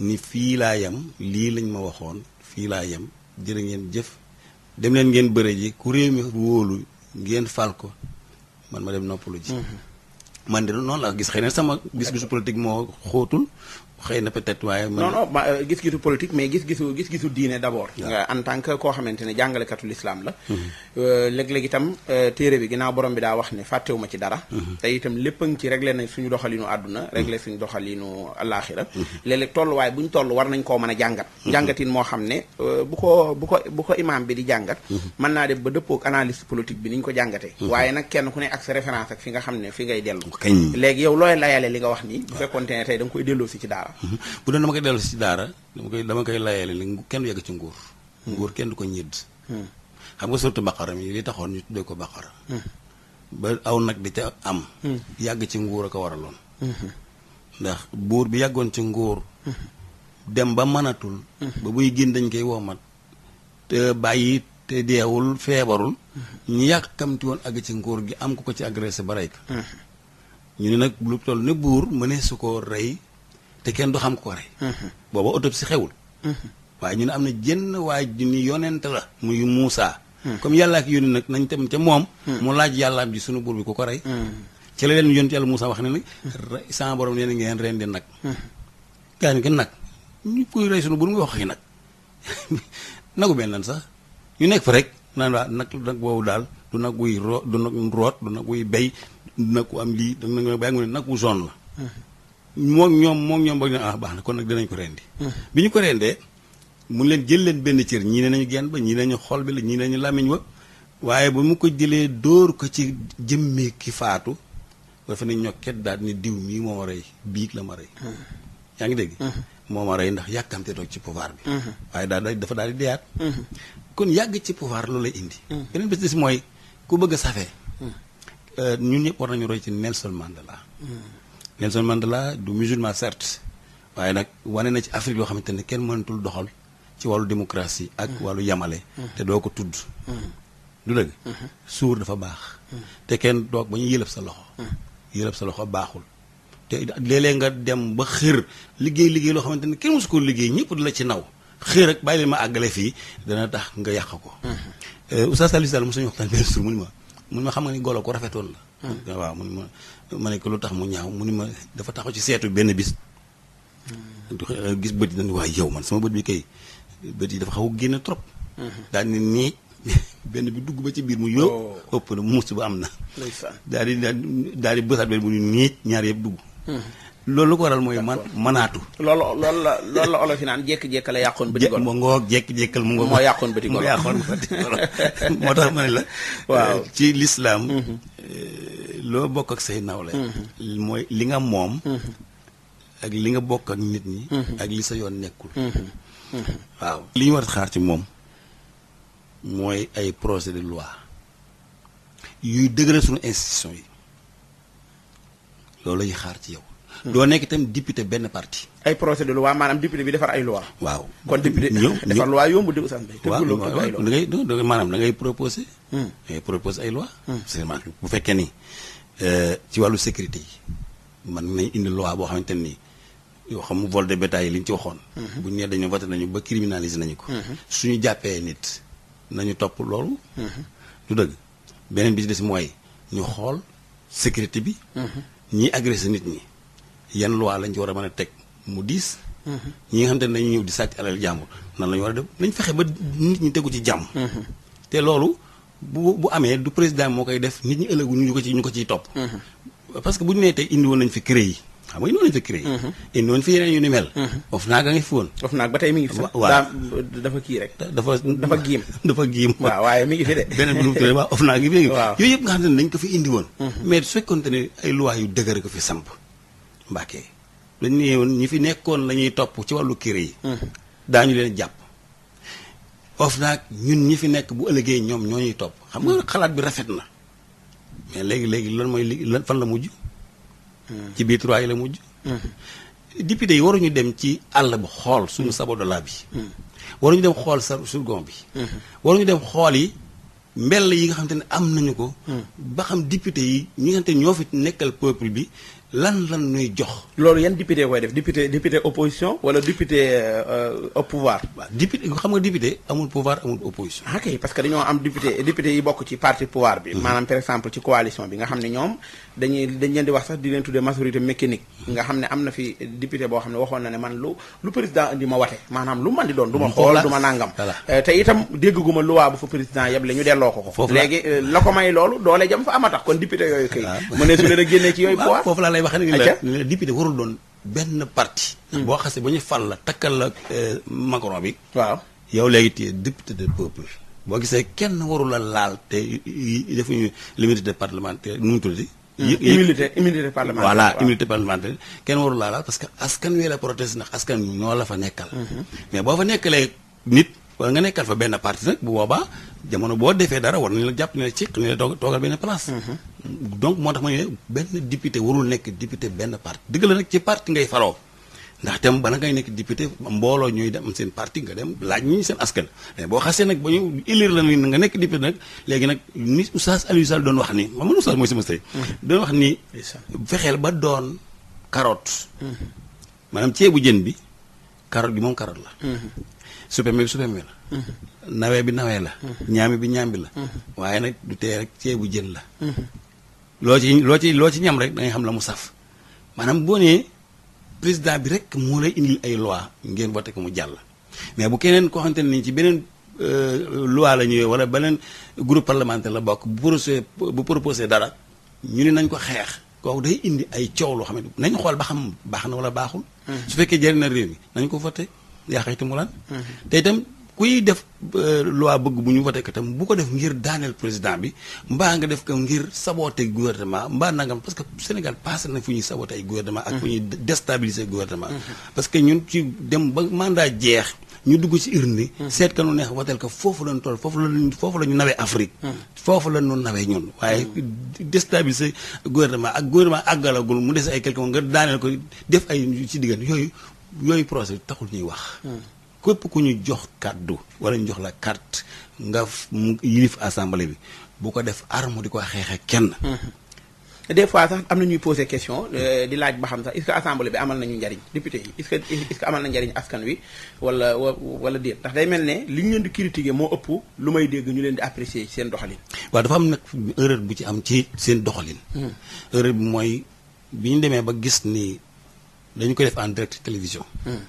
ni fii laa yem lii lañ ma waxoon fii laa yem jërë ngeen jëf dem leen ngeen bëre ji ku réew mi wóolu ngeen fal ko man ma dem noppalu ji. Mm-hmm. man de noonu la gis xëy ne sama gis-gisu politique moo xootul xëy na peut-être waaye. non non euh, gis-gisu politique mais gis-gisu gis-gisu diine d'abord. nga euh, en tant que koo xamante ne jàngalekatu lislaam la. Mhm. Euh, léeg-léeg itam téere bi ginnaaw borom bi daa wax ne fàttewuma ci dara. Mhm. itam lépp a ngi ci réglé suñu doxalinu àdduna. Mhm. réglé suñu doxalinu alaaxira. léeg-léeg tolluwaay bu ñu toll war nañ koo mën a jàngat. jàngatin moo xam ne bu ko ko bu ko imaam bi di jàngat. mën naa waaye nag kenn ku ne nga xam ne fi ngay dellu. léegi yow looy layale li nga wax nii bu fekkoonte ne tey da koy delloo si ci daara bu doon dama koy dellu si daara dama koy dama koy layeele li kenn yàgg ci nguur nguur kenn du ko ñidd xam nga surtout baqara mi li taxoon ñu tuddee ko baqara ba aw nag di ca am yàgg ci nguur a ko waraloon ndax buur bi yàggoon ci nguur dem ba mënatul ba buy génn dañ koy woomat te bàyyi te deewul feebarul ñu yàkkamti woon àgg ci nguur gi am ko ko ci agressé ba rey ñu ne nag lu toll ne buur mënee su ko rey te kenn du xam ko rey mm-hmm. booba autopsie xewul mm-hmm. waaye ñu ne am na jenn waay ju ni yonent la muy Muusaa mm-hmm. comme yàlla ak yónni nag nañ tam ca moom mu laaj yàllaam ji sunu buur bi ko ci la leen yonent yàlla wax ne nag sama ngeen rendi nag gaa ni ko nag ñu koy nag nagu benn sax ñu nekk fa rek naan waa nag nag boobu daal du nag wuy ro du nag root du nag wuy bay du nag am lii du nag bàyyi nga nag wu zone la moom ñoom moom ñoom ba ñu ah baax na kon nag dinañ ko rendi hmm. bi ñu ko rendee mu leen jël leen benn cër ñii ne nañu genn ba ñii nañu xool bi la ñii nañu làmmiñ waaye ba mu ko jëlee dóor ko ci jëmmee ki faatu dafa ne ñokket daal ni diw mii moo ma rey biig la ma rey hmm. yaa ngi dégg hmm. moo ma rey ndax yàkkamte toog ci pouvoir bi waaye daal dafa daal di deyaat kon yàgg ci pouvoir loolu lay indi beneen bés des mooy ku bëgg a safee euh, ñun ñëpp war nañu roy ci Nelson la Nelson Mandela du musulman certes waaye nag wane na ci Afrique loo xamante ne kenn mëntul doxal ci wàllu démocratie ak mm. wàllu yamale mm. te doo ko tudd mm. du dëgg mm-hmm. suur dafa baax te kenn doog ba ñu yëlëb sa loxo yëlëb sa loxo baaxul te léeg-léeg nga dem ba xër liggéey liggéey loo xamante ne kenn mosu ko liggéey ñëpp di la ci naw xër ak bàyyi leen ma àggale fii dana tax nga yàq ko mm-hmm. euh, Oustaz Alioune Sall mosuñu waxtaan benn suur mu ni ma mun ma xam nga ni golo ko rafetoon ma ne ko lu tax mu ñaaw mu ni ma dafa taxaw ci seetu benn bis. Hmm. gis bët yi dañu waaye yow man sama bët bi kay bët yi dafa xaw a génn trop. Hmm. daal ni nii benn bi dugg ba ci biir mu yóbbu. Oh. ëpp na muus am na. daal di daal di bësaat ni ñaar yëpp hmm. loolu lu mooy man manaatu. loolu loolu la loolu la olof naan jékki-jékki la yàqoon bëti golo mu ngoog mu ngoog. moo yàqoon bëti moo yàqoon bëti golo moo tax ma ne la. ci lislaam eh, loo bokk ak say nawle mooy li nga moom ak li nga bokk ak nit ñi ak li sa yoon nekkul waaw li ñu war xaar ci moom mooy ay projet de loi yu dëgëral suñu institution yi loolu la xaar ci yow doo nekk itam député benn parti. ay projet de loi maanaam député bi defar ay loi waaw kon député defar loi yombul di Ousmane Mbaye waaw da ngay maanaam da ngay proposé hmm. da ngay proposé ay loi hmm. seulement bu fekkee nii Euh, ci wàllu sécurité yi man nañ indi loi boo xamante ni yoo xam vol de bétail yi li ñu ci waxoon bu mhm. buñ ne dañu voté nañu ba criminaliser nañu ko mhm. suñu jàppee nit nañu topp loolu mhm. du dëgg beneen bi ci des mooy ñu xool sécurité bi ñiy agressé nit ñi yan loi lañ ci war a mën a teg mu diis ñi nga xam te ne dañuy ñëw di sàcc alal jàmbur nan la ñu war a def nañ fexe ba nit ñi tegu ci jàmm te loolu bu bu amee du président moo koy def nit ñi ëllëgu ñu ko ci ñu ko ciy topp. Mhm. parce que bu ñu nee tey indi woon nañ fi CREI yi mhm. mhm. a ngi fi ba tey mi ngi fi. waaw dafa kii rek. dafa dafa giim waaye mi ngi fi de. beneen ko fi indi woon. mais su fekkoon ne ay lois yu dëgër ko fi samp Mbàkke dañ ne ñi fi nekkoon la ñuy topp ci wàllu CREI yi. daañu leen jàpp OFNAC ñun ñi fi nekk bu ëllëgee ñoom ñoo ñuy topp xam nga xalaat bi rafet na mais léegi léegi lan mooy li lan fan la mujj. Hmm. ci biir trois yi la mujj. Hmm. député yi waruñu dem ci àll bi xool suñu hmm. sabodola bi. waruñu dem xool sa surgon bi. waruñu dem xool yi mbell yi nga xamante ne am nañu ko. ba xam député yi ñi nga xamante ne ñoo fi nekkal peuple bi lan lan nuy jox. loolu yan député koy def député député opposition wala député euh, au pouvoir. waaw député xam nga député amul pouvoir amul opposition. Ah, ok parce que dañoo am député député yi bokk ci parti pouvoir bi. Mhm. maanaam par exemple ci coalition bi nga xam ne ñoom dañuy dañ di wax sax di leen tuddee majorité mécanique. Mhm. nga xam ne am na fi député boo xam ne waxoon na ne man lu lu président indi ma wate maanaam lu man di doon. du ma mhm. xool du ma nangam. Euh, te itam dégguma luwaa bu fa président yeble delloo ko ko. foofu léegi euh, la ko may loolu doole jam fa amatax kon laay wax ne la ne la député warul doon benn parti hmm. boo xasee ba ñu fal la takkal la euh, Macron bi waaw yow léegi tey député de peuple boo gisee kenn warul la laal te defuñu l'immunité parlementaire nu mu tuddati hmm. immunité immunité parlementaire voilà immunité parlementaire kenn warul la laal parce que askan wi la proteste ndax askan ñoo la fa nekkal hmm. mais boo fa nekkalee nit wala nga nekkal fa benn parti nag bu boobaa jamono boo defee dara war nañ la jàpp ne la ci ne la toogal benn place. Mhm. donc moo tax ma ne benn député warul nekk député benn parti dëgg la nag ci parti ngay faroo. ndax tam bala ngay nekk député mbooloo ñuy dem seen parti nga dem laaj ñu seen askan boo xasee nag ba ñu élire la ni nga nekk député nag léegi nag ni oustaz Aliou doon wax ni ma man oustaz mooy sama sëy mhm. doon wax ni fexeel ba doon karoot mhm. maanaam ceebu jën bi carotte bi moom karoot la supeme mhm. bi supeme la nawee bi nawee la ñaami bi ñaam la mhm. waaye nag du tee rek ceebu jën la mhm. loo ci loo ci loo ci ñam rek da xam la mu saf maanaam boo nee président bi rek moo lay indil ay loi ngeen voté ko mu jàll mais bu keneen koo ne nii ci beneen euh, loi la ñëwee wala beneen groupe parlementaire la bokk bu proposé dara ñu ni nañ ko xeex kooku day indi ay coow loo xam ne nañ xool ba xam baax na wala baaxul su fekkee jëriñ réew mi nañ ko voté yaa xayti mu lan mhm. te itam kuy def euh, loi bëgg bu ñu voté ko tam bu ko def ngir daaneel président bi mbaa nga def ko ngir saboté gouvernement mbaa nangam parce que Sénégal passé na fu ñuy saboté ay gouvernement ak fu ñuy mhm. déstabiliser gouvernement mhm. parce que ñun ci dem ba mandat jeex ñu dugg ci urne seet ka nu neex wateel ko foofu lañu toll foofu la foofu la ñu nawee Afrique foofu la ñu nawee ñun waaye déstabiliser gouvernement ak gouvernement àggalagul mu des ay quelques mois nga daaneel ko def ay ci diggante yooyu yooyu projet taxul ñuy wax. képp ku ñu jox kàddu wala ñu jox la carte nga yilif assemblée bi bu ko def arme di ko xeexe kenn. Mmh. des fois sax am na ñuy poser question euh, di laaj ba xam sax est-ce que bi amal na ñu njariñ député yi est-ce amal na njariñ askan wi wala wala déet ndax day mel ne li ñu leen di critiquer moo ëpp lu may dégg ñu leen di apprécier seen doxalin. waaw dafa am nag erreur bu ci am ci seen doxalin. Mmh. erreur bi mooy bi ñu demee ba gis nii dañu koy def en direct télévision. Hmm.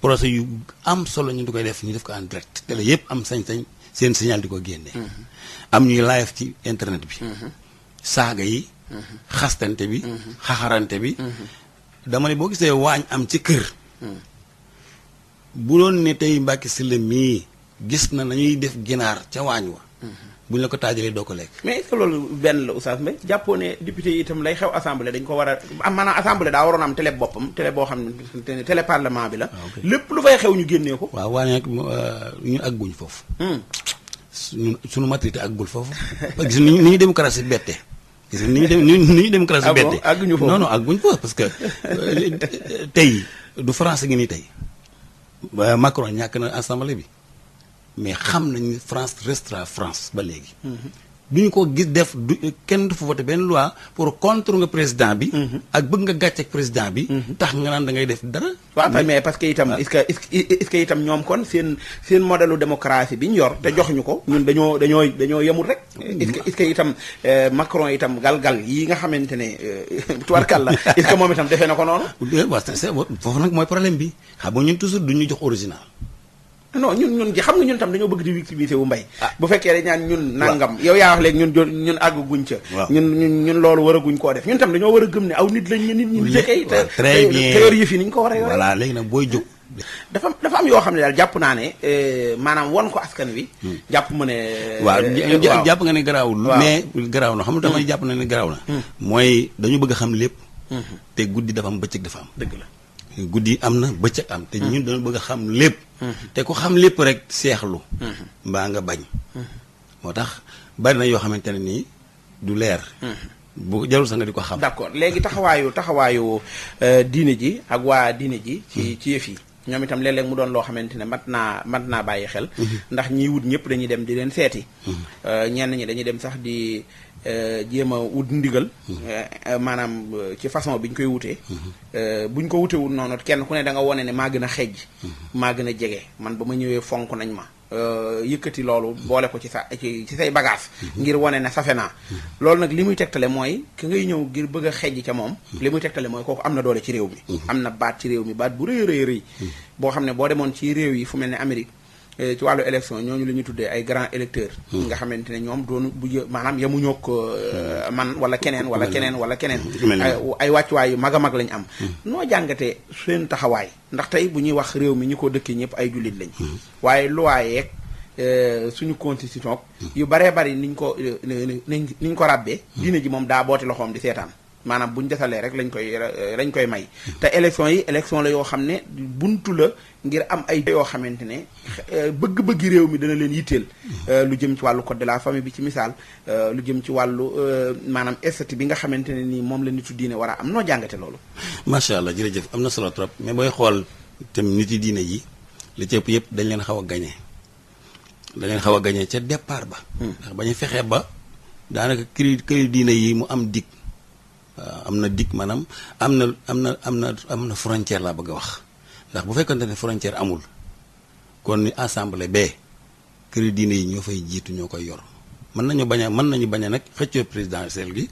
procès yu am solo ñu du koy def ñu def ko en direct télé yëpp am sañ-sañ seen signal di ko génne. Hmm. am ñuy live ci internet bi. Hmm. saaga yi. xastante bi. xaxarante bi. dama ne boo gisee waañ am ci kër. bu doon ne tey Mbacke Sylla mii gis na nañuy def ginaar ca waañ wa. bu ñu la ko taajalee doo ko lekk. mais est-ce loolu benn la Oustaz Mbaye jàppoo ne député yi itam lay xew assemblée dañ ko war a am a assemblée daa waroon am télé boppam télé boo xam ne télé parlement bi la. Ah, lépp lu fay xew ñu génnee ko. waaw waaye nag euh, ñu àgguñ foofu. Hmm. suñu suñu maturité àggul foofu gis ni ñu démocratie bette. gis ni ñu dem ni ñu démocratie ah bette. àgguñu foofu non non àgguñ foofu parce que euh, tey du France gi nii tey Macron ñàkk na assemblée bi. mais xam nañu France restera France ba léegi. duñu ñu ko gis def du kenn du fa voté benn loi pour contre nga président bi. Mhm. ak bëgg nga gàcceeg président bi. Mhm. tax nga naan da ngay def dara. waaw mais parce que itam est-ce que est-ce que itam ñoom kon seen seen modèle bi ñu yor te jox ñu ko ñun dañoo dañoo dañoo yemul rek. est-ce que itam euh, Macron itam gal-gal yi nga xamante ne euh, tubarkàlla est-ce que moom itam defee na ko noonu. waaw c'est foofu nag mooy problème bi xam nga ñun toujours du ñu jox original. non ñun ñun xam nga ñun tam dañoo bëgg di victimiser wu mbay ah. bu fekkee rek ñaan ñun nangam yow yaa wax léegi ñun ñun àgg guñ ca ñun ñun ñun loolu war a guñ koo def ñun tam dañoo war a gëm ne aw nit lañ ne nit ñi jëkkee très bien théorie yëf yi ni ñu ko war a yore voilà léegi nag booy jóg dafa dafa am yoo xam ne daal jàpp naa ne eh, maanaam won ko askan wi hmm. jàpp ma ne hmm. eh, waaw jàpp nga ne garaawul mais garaaw na xam nga tax ma hmm. jàpp na ne garaaw na mooy dañu bëgg xam lépp te guddi dafa am bëccëg dafa am dëgg la guddi am na bëccëg am te ñun mm. dañu bëgg a xam lépp mm-hmm. te ko xam lépp rek seexlu mm-hmm. mbaa nga bañ mm-hmm. moo tax bari na yoo xamante ne nii du leer bu jarul sax nga di ko xam d'accord léegi taxawaayu taxawaayu euh, diine ji ak waa diine ji ci ci yëf yi ñoom itam léeg mu doon loo xamante ne mat naa mat naa bàyyi xel ndax ñiy wut ñëpp dañuy dem di leen seeti euh, ñenn ñi dañuy dem sax di Euh, jéem a wut ndigal. Euh, maanaam euh, ci façon bi ñu koy wutee. bu ñu ko wutee wut noonu kenn ku ne da nga wone ne maa gën a xejj. maa gën a jege man ba ma ñëwee fonk nañ ma. yëkkati loolu boole ko ci sa ci ci say bagage ngir wane ne safe naa loolu nag li muy tegtale mooy ki ngay ñëw ngir bëgg a xejj ca moom li muy tegtale mooy kooku am na doole ci réew mi am na baat ci réew mi baat bu rëy rëy rëy boo xam ne boo demoon ci réew yi fu mel ni Amérique Eh, ci wàllu élection ñooñu la ñuy tuddee ay grands électeurs hmm. nga xamante ne ñoom doonu bu jë maanaam yemuñoo ko euh, man wala keneen wala hmm. keneen wala keneen hmm. ay wàccuwaay yu mag a mag lañ am noo jàngatee seen taxawaay ndax tey bu ñuy wax réew mi ñu ko dëkkee ñëpp ay jullit lañ waaye luwaayeeg euh, suñu constitution yu baree bari niñ ko euh, niñ ko ràbbee diine ji moom daa booti loxoom di seetaan maanaam bu ñu desalee rek lañ koy lañ koy may te élection yi élection la yoo xam ne buntu la ngir am ay yoo xamante ne bëgg euh, bëgg réew mi dana leen yitteel euh, lu jëm ci wàllu code de la famille bi ci misaal euh, lu jëm ci wàllu maanaam estati bi nga xamante ne nii moom la nitu diine war a am noo jàngate loolu macha allah jërëjëf am na solo trop mais booy xool tam nit yi diine yi li ëpp yëpp dañ leen xaw a gañe dañ leen xaw a gañe ca départ ba hmm. ba ñu fexee ba daanaka këri këri diine yi mu am dikk Euh, am na dikk maanaam am na am na am na am na frontière laa bëgg a wax ndax bu fekkante ne frontière amul kon ni assemblée bee kër diine yi ñoo fay jiitu ñoo koy yor mën nañu bañ a mën nañu bañ a nag xëccoo présidentielle gi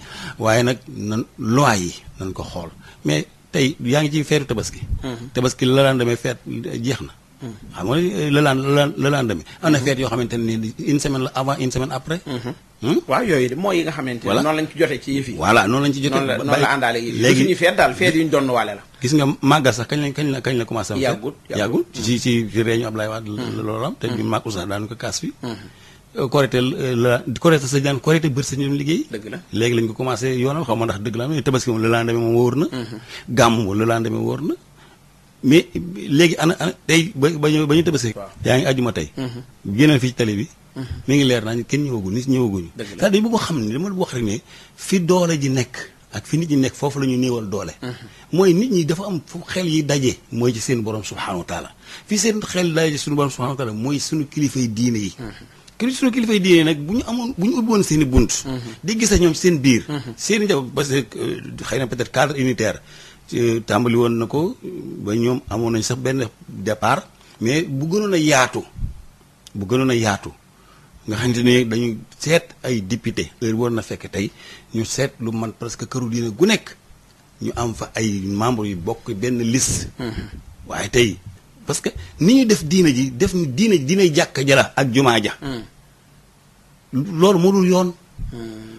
waaye nag nan loi yi nañ ko xool mais tey yaa ngi ci feetu tabaski. Mhm. tabaski la daan demee feet jeex na. xam nga euh, le lendemain le lendemain am na feet mm-hmm. yoo xamante ne une semaine la avant une semaine après. Mm-hmm. Hmm? waaw yooyu mooy yi nga xamante ne. noonu lañ ci jotee ci yëf yi. voilà noonu lañ ci jotee. noonu la àndaale yi léegi la. nga màggal sax kañ lañ kañ ci ci ci réunion Ablaye mm-hmm. loolu am. te ñun Mag Ousseyn daan ko kaas fii. Euh, korité euh, la korité sañ daan korité liggéey léegi lañ ko commencé yoonal xaw ma ndax dëgg la am tabaski moom le lendemain moom wóor na gàmm le lendemain wóor na mais léegi ana ana tey ba ba ñu ba ñu tëbasee yaa ngi ajuma tey mhm. génneel fii ci tali bi mu mhm. ngi leer naa kenn ñëwagul nit ñëwaguñu daal dañu bëgg xam ne dama wax rek ne fi doole ji nekk ak fi nit ñi nekk foofu la ñu néewal doole mhm. mooy nit ñi dafa am fu xel yi daje mooy ci seen borom subhanahu wa taala fi seen xel daje suñu borom subhanahu wa mooy suñu kilifay diine yi kii suñu kilifa yi diine nag bu ñu amoon bu ñu ubbi seeni seen i bunt di gis ñoom seen biir seen i njaboot parce que euh, xëy na peut-être cadre unitaire tàmbali woon na ko ba ñoom amoon nañ sax benn départ mais bu gënoon a yaatu bu gënoon a yaatu nga xamante ne dañu seet ay député heure war na fekk tey ñu seet lu man presque këru diine gu nekk ñu am fa ay membres yu bokk benn liste mm-hmm. waaye tey parce que ni ñu def diina ji def diine diine jàkk ja la ak jumaa ja mm. loolu moo dul yoon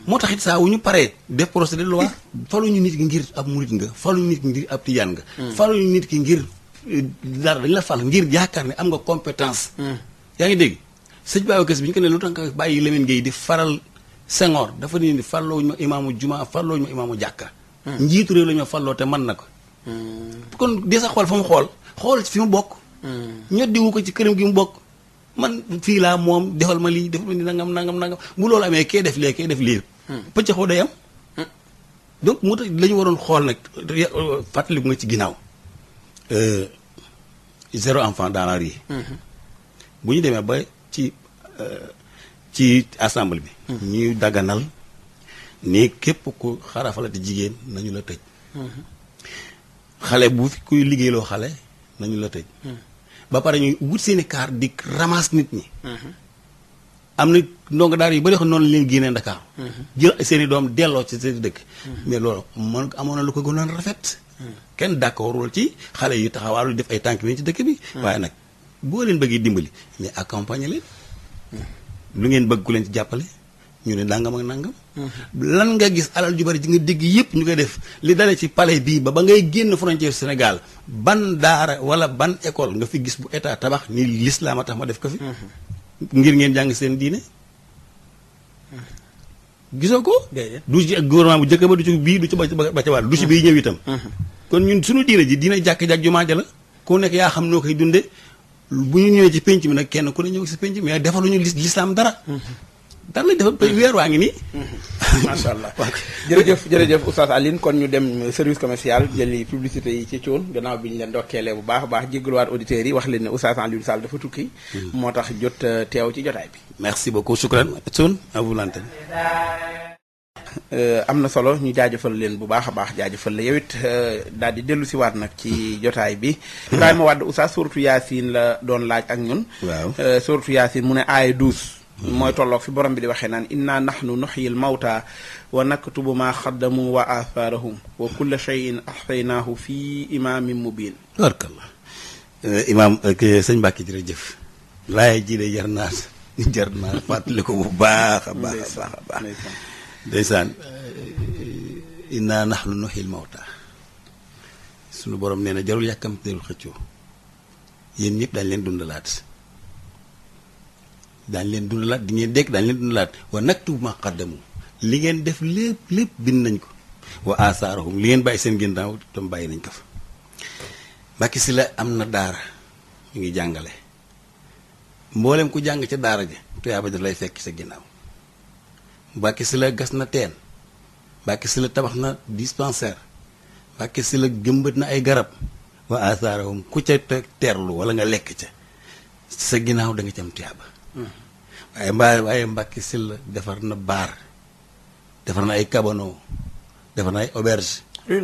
moo tax it saa wu ñu paree def projet de loi ñu nit ki ngir ab murit nga faluñu nit ki ngir ab tijaan nga hmm. nit ki ngir eh, dara dañ la fal ngir yaakaar ne am nga compétence hmm. yaa ngi dégg sëñ Babacar Kess bi ñu ko ne lu tax nga bàyyi Lamine Gueye di faral Senghor dafa ne ni ñu ma imaamu juma ñu ma imaamu jàkka hmm. njiitu réew la ñu farloo te man na ko kon di sa xool fa mu xool xool fi mu bokk ñoddiwu ko ci këram gi mu bokk man fii laa moom defal ma lii defal ma lii nangam nangam nangam bu loolu amee kee def lee kee def lii hmm. pëccaxoo day am hmm. donc mu tax la waroon xool nag euh, fàttaliku nga ci ginnaaw euh, zéro enfant dans la rue hmm. bu ñu demee ba ci euh, ci assemblée bi ñuy daganal ni képp ku xarafalate jigéen nañu la tëj xale bu fi kuy liggéeyloo xale nañu la tëj ba pare ñuy wut seen i kaar di ramas nit ñi. am na ndongo daal yu bëri noonu leen génnee Dakar. jël seeni doom delloo ci seen dëkk. mais loolu man amoon na lu ko gën gënoon rafet. kenn d'accordul ci xale yu taxawaalu def ay tànk yu ci dëkk bi. waaye nag boo leen bëggee dimbali mais accompagner leen. lu ngeen bëgg ku leen ci jàppale. ñu ne nangam ak nangam. Mm-hmm. lan nga gis alal ju bari ji nga dégg yëpp ñu koy def li dalee ci pale bii ba ba ngay génn frontière Sénégal ban daara wala ban école nga fi gis bu état tabax ni lislaam a tax ma def ko fi. Mm-hmm. ngir ngeen jàng seen diine. Mm-hmm. gisoo ko. du ci ak gouvernement bu njëkk ba du ci bii du ci ba ba ca wàll du ci bii ñëw itam. kon ñun suñu diine ji dina jàkk jàkk jumaa ja la ku nekk yaa xam noo koy dunde bu ñu ñëwee ci penc mi nag kenn ku ne ñëw si penc mi mais defaluñu lislaam dara. dara lañ defal weer waa ngi nii. macha allah jërëjëf jërëjëf oustaz Alioune kon ñu dem service commercial jëli publicité yi ci coon gannaaw bi ñu leen dokkeelee bu baax a baax jéggaluwaat auditeurs yi wax leen ne oustaz Alioune Sall dafa tukki. Hmm. moo tax jot euh, teew ci jotaay bi. merci beaucoup shukran coon à vous euh, na solo ñu jaajëfal leen bu baax a baax jaajëfal la yow it euh, daal dellu si nag ci jotaay bi Ibrahima Wade oustaz suratu Yaasin la doon laaj ak ñun. waaw suratu Yaasin mu ne aaya douze. mooy tolloog fi borom bi di waxee naan inna nahnu nuxyil mawta wa naktubu ma xaddamu wa athaarahum wa kulla cheyin axsaynaahu fi imaamin mubin barkallah eh, imaam eh, sëñ Mbàkke jërëjëf laaye ji de jar naa jar naa fàttali ko bu baax a baax a baax a baax ndeysaan eh, inna nahnu nuxyil mawta suñu borom nee na jarul yàkkamteelul xëccoo yéen ñëpp dañ leen dundalaat daañu leen dundalaat di ngeen dekk dañ leen laat wa nag maa qaddamu li ngeen def lépp lépp bind nañ ko wa asaarahum li ngeen bàyyi seen ginnaaw tam bàyyi nañ ko fa Mbàkke la am na daara mi ngi jàngale mboolem ku jàng ca daara ja tuyaaba daf lay fekk sa ginnaaw Mbàkke la gas na teen Mbàkke la tabax na dispensaire Mbàkke la gëmbat na ay garab wa asaarahum ku ca teerlu wala nga lekk ca sa ginnaaw danga nga ci am tuyaaba waaye mbaa waaye Mbàkke Sylla defar na baar defar na ay kabano defar na ay auberge. luy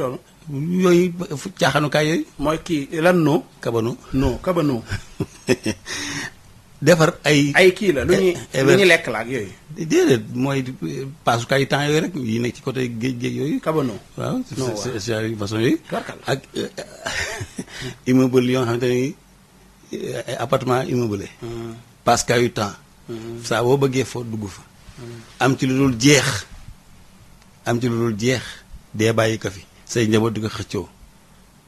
yooyu caaxaanukaay yooyu. mooy kii lan noo. kabano noo kabano. defar ay. ay kii la lu ñuy e-, e-, lu lekk la ak yooyu. déedéet mooy e, paasukaay temps yooyu rek yi nekk ci côté géej géej yooyu. kabano waaw c'est façon yooyu. ak immeuble yoo xamante ni ay appartement immeuble. Hmm. parce que yu temps saa boo bëggee foo dugg fa am ci lu dul jeex am ci lu dul jeex dee bàyyi ko fi say njaboot di ko xëccoo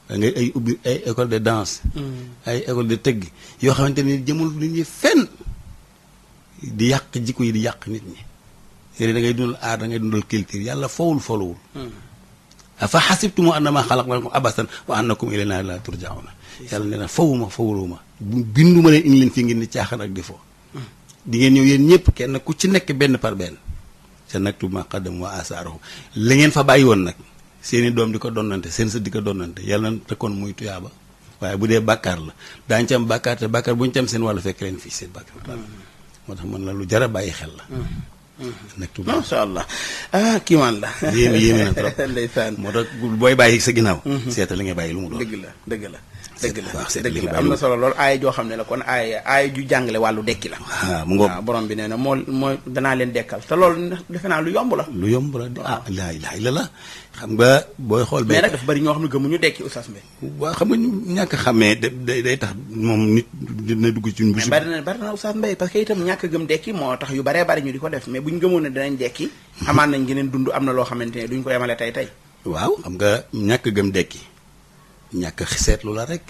da ay ubbi ay école de danse mm-hmm. ay école de tëgg yoo xamante ni jëmul nit ñi fen di yàq jikko yi di yàq nit ñi yéen da ngay dundal aar da ngay dundal culture yàlla fowul folowul mm-hmm. afa xasibtumu annama xalaqnakum abasan wa annakum ilayna la turjauna yàlla nee na fawuma fawuluma binduma leen indi leen fii ngeen di caaxaan ak di fo di ngeen ñëw yéen ñëpp kenn ku ci nekk benn par benn te nag ma qaddam wa asaaruhu la ngeen bàyyi woon nag seeni doom di ko donnante seen sët di ko donnante yàlla na kon muy tuyaaba waaye bu dee bàkkaar la daañu ci am bàkkaar te bàkkaar bu ñu seen wàllu fekk leen fii seen bàkkaar mm-hmm. moo tax man la lu jar a bàyyi xel la mm-hmm. nag tuuba macha allah ah kiimaan la. yéeme yéeme na trop ndeysaan moo tax booy bàyyi sa ginnaaw. Mm-hmm. seeta li nga bàyyi lu mu doon la dëgg dëgg la baax dëgg la am na solo lool aaya joo xam ne la kon aaya aaya ju jàngale wàllu dekki la waaw ah, mu ngoog ah, borom bi nee na moo moo danaa leen dekkal te loolu defe naa lu yomb la lu yomb la ah laa ilaaha illa la xam nga booy xool mais nag dafa bari ñoo xam ne gëmuñu dekki oustaz Mbaye waaw xam nga ñàkk xamee day day tax moom nit dina dugg ci mbuus bari na bari na oustaz Mbaye parce que itam ñàkk gëm dekki moo tax yu baree bari ñu di ko def mais buñ gëmoon ne dinañ dekki xamaan nañ geneen dund am na loo xamante ne duñ ko yemale tey tey waaw xam nga ñàkk gëm dekki ñàkk seetlu la rek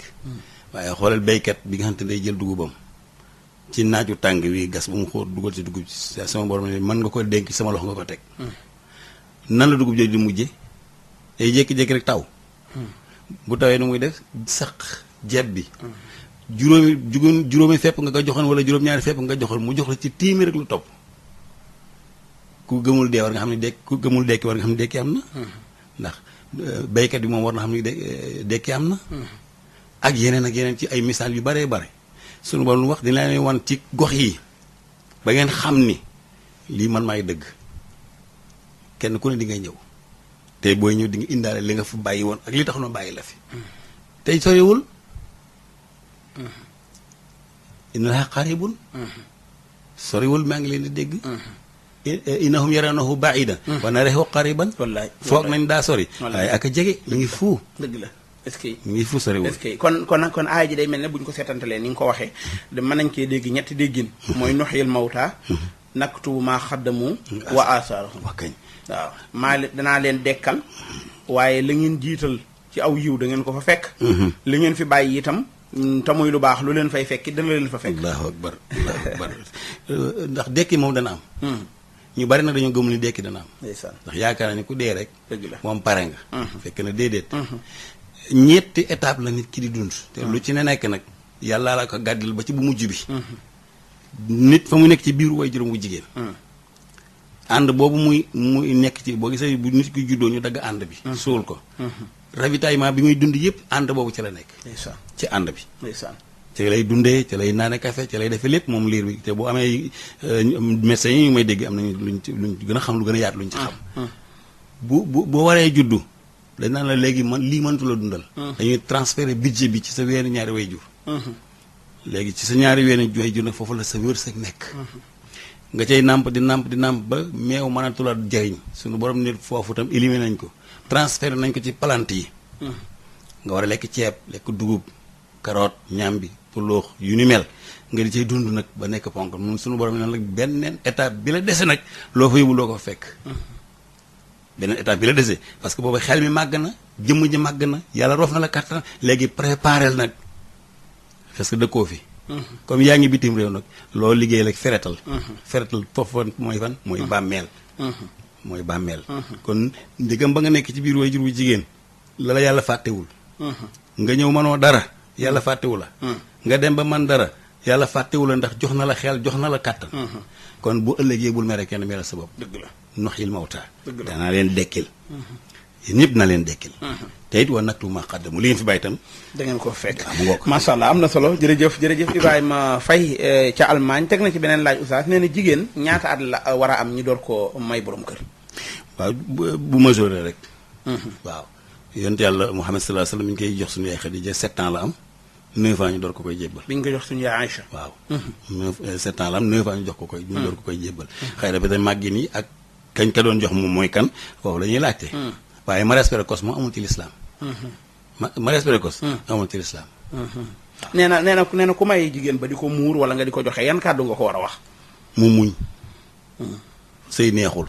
waaye xoolal béykat bi nga xam te day jël dugubam ci naaju tàng wi gas bu mu xóot dugal ci dugub sama borom ne mën nga ko dénk ci sama loxo nga ko teg nan la dugub jooju di mujje day jékki-jékki rek taw bu tawee nu muy def saq jeeb bi juróomi jugoon juróomi fepp nga ko joxoon wala juróom-ñaari fepp nga joxoon mu jox la ci téeméer rek lu topp ku gëmul dee war nga xam ne dekk ku gëmul dekki war nga xam ne dekki am na ndax baykat yi moom war na xam ni de dekki am na. ak yeneen ak yeneen ci ay misaal yu baree bare sunu ba lu wax dina leen wan ci gox yi ba ngeen xam ni lii man maay dëgg kenn ku ne di nga ñëw te booy ñëw di indaale li nga fa bàyyi woon ak li tax na bàyyi la fi. tey soriwul. Mm-hmm. inna laa xaribun mm-hmm. soriwul maa ngi leen di dégg. Mm-hmm. innahum yaranahu baida hmm. wa narahu qariban wallaay foog nañ daa sori waaye ak a jege mi ngi fuu dëgg la est que mi ngi fuu soriwul est que kon kon kon aaya ji day mel ne bu ñu ko seetantalee ni nga ko waxee da hmm. mën nañ cee dégg ñetti déggin hmm. mooy nuxyil mawta naktubu maa xaddamu wa asaarahum wa kañ waaw maa danaa leen dekkal waaye la ngeen jiital ci aw yiw da ngeen ko fa fekk li ngeen fi bàyyi itam mm, te muy lu baax lu leen fay fekki dana leen fa fekk allahu akbar allahu akbar ndax dekki moom dana am ñu bari nag dañoo gëmul ni dekki danaa am. yaakaar naa ni ku dee rek. dëgg la moom pare nga. fekk na déedéet. ñetti étape la nit ki di dund. te lu ci ne nekk nag yàlla la ko gàddil ba ci bu mujj bi. nit fa mu nekk ci biir woy juróom wu jigéen. ànd boobu muy muy nekk ci boo gisee bu nit ki juddoo ñu dagg ànd bi. suul ko. ravitaillement bi muy dund yëpp ànd boobu ci la nekk. ci ànd bi. ci lay dundee ci lay lay defee lépp moom liir bi te bu amee euh, am nañu luñ ci lu gën a yaat luñ ci ah, ah. bu boo waree juddu dañ naan la léegi man lii mëntu la dundal ah. dañuy transférer budget bi ci sa weeni ñaari way jur léegi ci sa ñaari weeni way jur nag foofu la sa wërsëg nekk nga cay nàmp di nàmp di nàmp ba meew mënatul a jariñ suñu borom nit foofu itam éliminer nañ ko transféré nañ ko ci plante yi nga war a lekk ceeb lekk dugub carotte ñaam bi pour loox yu ni mel nga di cay dund nag ba nekk ponk moom suñu borom ne nag beneen étape bi la desee nag loo fa yóbbu loo ko fa fekk beneen étape bi la desee parce que boobu xel mi màgg na jëmm ji màgg na yàlla roof na la kattan léegi préparel nag parce que dëkkoo fi comme yaa ngi bitim réew nag loo liggéey rek feretal feretal foofu mooy fan mooy bàmmeel mooy bàmmeel kon ndegam ba nga nekk ci biir waajur wu jigéen la la yàlla fàttewul nga ñëw manoo dara yàlla fàttewu la nga dem ba man dara yàlla fàttewu la ndax jox na la xel jox na la kàttan mhm. kon bu ëllëgee bul mere kenn melal sa bopp dëgg la noxil mawta danaa leen dekkil yéen mhm. na leen dekkil mhm. te it wa naktubu maa qaddamu li ngeen fi itam da ngeen koo fekk ah, macha allah am na solo jërëjëf jërëjëf Ibrahima Faye eh, ca Allemagne teg na ci beneen laaj oustaz nee na jigéen ñaata at la eh, war a am ñu door koo may borom kër waaw bu majoré rek waaw yonent yàlla Muhammad sallallahu alayhi wa sallam koy jox suñu yaay Xadija sept ans la am neuf ans ñu door ko koy jébbal. bi ñu ko jox suñu yaay Aïcha. waaw mm-hmm. neuf euh, sept ans la am neuf ans ko koy. ñu door ko mm-hmm. na ba tey màggi nii ak kañ ka doon jox moom mooy kan foofu la ñuy laajte. Mm-hmm. waaye mariage précoce moom amul ci lislaam. ma mariage précoce. amul ci lislaam. nee na nee na nee na ku may jigéen ba di ko muur wala nga di ko joxe yan kàddu nga ko war a wax. mu muñ. sëy neexul.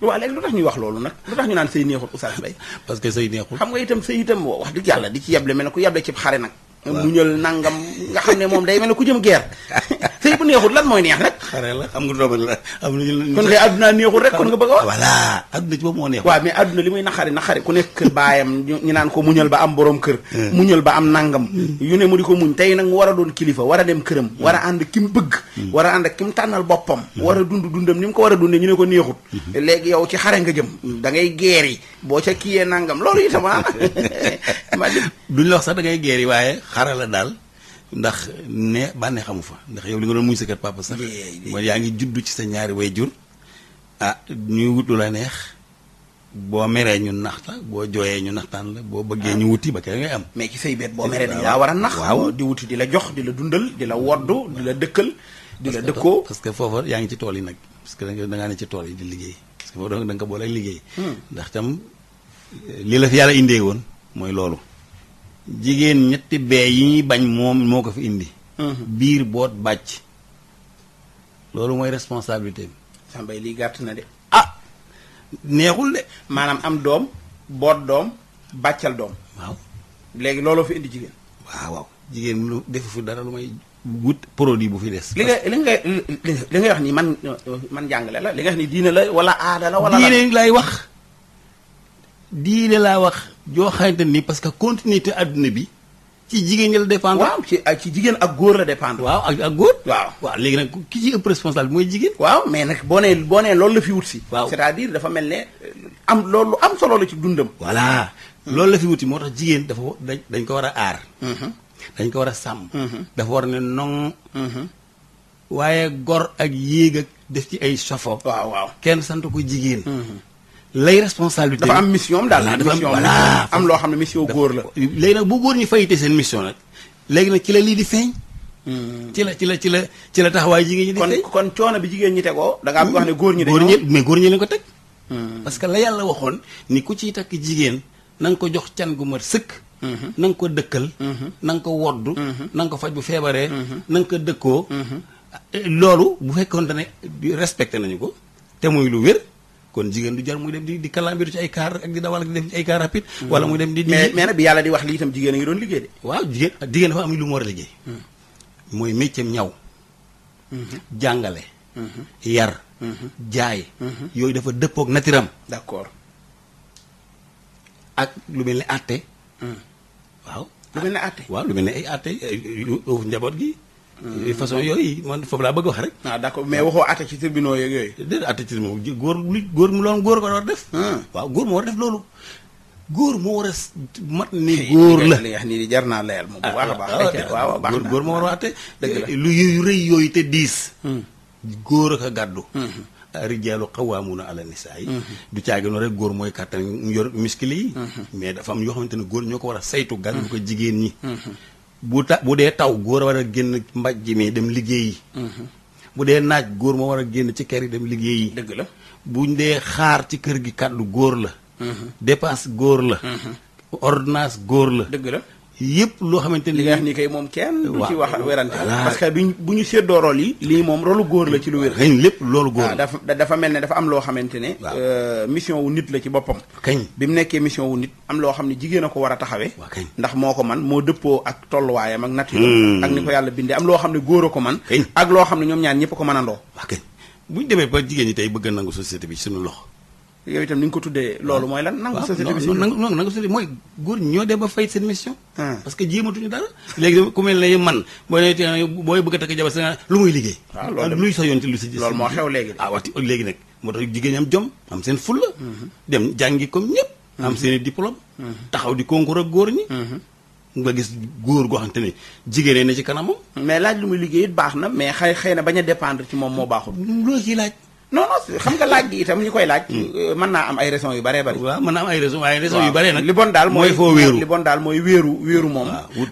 waaw léegi lu tax ñuy wax loolu nag lu tax ñu naan sëy neexul Oustaz Mbaye. parce que sëy neexul. xam nga itam sëy itam wax dëgg yàlla di ci yeble mel ne ku yeble cib xare nag. muñal nangam nga xam ne moom day mel ne ku jëm guerre sëy bu neexul lan mooy neex nag xare la xam nga doomal la am nañu kon rek kon nga bëgg a wax voilà adduna ci boobu mais adduna li muy naxari naxari ku nekk baayam ñu naan ko muñal ba am boroom kër hmm. muñal ba am nangam hmm. yu ne mu di ko muñ tey nag mu war a doon kilifa war a dem këram hmm. war a ànd ki mu bëgg war a ànd ki mu tànnal boppam war a dund dundam ni mu ko war a dunde ñu ne ko neexut léegi yow ci xare nga jëm dangay ngay boo ca yee nangam loolu itam ah ma duñ da ngay guerre waaye xarala daal ndax ne bànnee xamu fa ndax yow li nga doon muñ sa kër papa sax mooy yaa ngi juddu ci sa ñaari way jur ah ñuy wut lu la neex boo meree ñu nax la boo jooyee ñu naxtaan la boo bëggee ah. ñu wuti ba kay ngay am. mais ci say bet boo meree dañ laa war a nax. waaw di wuti di la jox di la dundal di la woddu di la dëkkal. di la dëkkoo parce que foofa yaa ngi ci tool yi nag parce que da ngaa ne ci tool yi di liggéey parce que foofu da nga ko boole ak liggéey. Hmm. ndax tam lii la fi yàlla indee woon mooy loolu. jigéen ñetti bee yi ñuy bañ moom moo ko fi indi. Mhm. biir boot bàcc. loolu mooy responsabilité bi. sambay lii gàtt na de. ah neexul de. maanaam am doom boot doom bàccal doom. waaw léegi looloo fi indi jigéen. waaw waaw jigéen lu defu fi dara lu may wut produit bu fi des. li nga li nga li nga wax nii man man jàngale la li nga wax nii diine la wala aada la. wala lay wax. diine laa wax joo xamante ni parce que continuité àdduna bi ci jigéen ñi la dépendre. waaw ci ah, ci jigéen ak góor la dépendre. waaw ak ak góor. waaw waaw léegi nag ki ci ëpp responsable mooy jigéen. waaw mais nag boo nee boo nee loolu la fi wut si. waaw cest à dafa mel ne euh, am loolu am solo la ci dundam. voilà loolu la fi wut moo tax jigéen dafa dañ dañ ko war a aar. Mm-hmm. dañ ko war a sàmm. Mm-hmm. dafa war ne noŋ. Mm-hmm. waaye gor ak yéeg ak def ci ay sofo. waaw waaw kenn sant ko jigéen. lay responsabilité dafa am mission am daal dafa am voilà am loo xam ne mission góor la. léegi nag bu góor ñi fayite seen mission nag léegi nag ci la lii di feeñ. Hmm. ci la ci la ci la ci la taxawaay jigéen ñi di feeñ. kon coono bi jigéen ñi tegoo. da ngaa wax ne hmm. góor ñi dañoo góor ñi mais góor ñi lañ ko teg. Hmm. parce que la yàlla waxoon ni ku ciy takk jigéen nanga ko jox can gu mat sëkk. nanga nga ko dëkkal. na nga ko woddu. na ko faj bu feebaree. nanga nga ko dëkkoo. Eh, loolu bu fekkoon ne respecté nañu ko te muy lu wér. kon jigéen du jar muy dem di di kalambiru ay car ak di dawal ak di def ci ay car rapide wala muy dem di mais mais nag bi yàlla di wax lii itam jigéen a ngi doon liggéey de waaw jigéen jigéen dafa am lu mu war a liggéey mooy métier ñaw jàngale yar jaay yooyu dafa dëppook natiram d'accord ak lu mel ni àtte waaw lu mel ne àtte waaw lu mel ni ay àtte njaboot gi Euh, façon yooyu man foofu laa bëgg wax rek. ah d'accord mais waxoo àtte ci tribunaux yeeg yooyu. déedéet àtte ci moom góor nit góor mu loolu góor ko ah. góor moo def loolu. góor moo mat ni góor la li naa leeral moom bu baax a ah, ah, góor moo war àtte. lu yu rëy yooyu te diis. Hmm. góor ak a gàddu. Hmm. rijaalu qawaamuuna ala nisaa yi hmm. du caagi noonu rek góor mooy kàttan yor miskili yi. mais dafa am yoo xamante ne góor ñoo ko war a saytu. gàddu ko jigéen ñi. bu ta bu dee taw góor a war a génn mbaj ji mi dem liggéeyi. Mhm. bu dee naaj góor ma war a génn ci kër yi dem liggéey dëgg la buñ dee xaar ci kër gi kàddu góor la. Mhm. dépense góor la. Mhm. ordonnance góor la. dëgg la yëpp loo xamante ni li nga ni kay moom kenn. du ci wax werante parce que biñ bu ñu séddoo rôle yi. lii moom rôle góor la ci lu wér. lépp loolu góor la ah, dafa dafa mel ne dafa am loo xamante ne. Euh, mission wu nit la ci boppam. kañ bi mu nekkee mission wu nit am loo xam ne jigéen a ko war a taxawee. ndax moo ko man moo dëppoo ak tolluwaayam ak nature. Hmm. ak ni ko yàlla bindee am loo xam ne góor a ko man ak loo xam ne ñoom ñaan ñëpp ko mënandoo. waaw kañ bu ñu demee ba jigéen ñi tey bëgg nangu société bi suñu loxo yow itam ni nga ko tuddee loolu mooy lan nangu société bi nangu nangu société mooy góor ñi ñoo dem ba fay seen mission ah. parce que jéematuñu dara léegi ku mel ne man boo ne booy bëgg a takk jabar sa lu muy liggéey waaw ah, luy sax yoon lu si loolu moo xew léegi ah waxti léegi nag moo tax jigéen ñi am jom am seen fulla mhm. dem jàngi comme ñëpp mhm. am seen i diplôme mhm. taxaw di concours ak góor ñi nga gis góor goo xamante ne jigéen ne ci kanamam mais laaj lu muy liggéey it baax na mais xëy xëy na bañ a dépendre ci moom moo baaxul loo ciy laaj non non xam nga laaj bi itam ñi koy laaj. Hmm. Euh, mën naa am ay raisons yu bëree bëri. man mën naa am ay raisons waaye yu bëree nag. li bon daal mooy foo wéeru li bon daal mooy wéeru wéeru moom.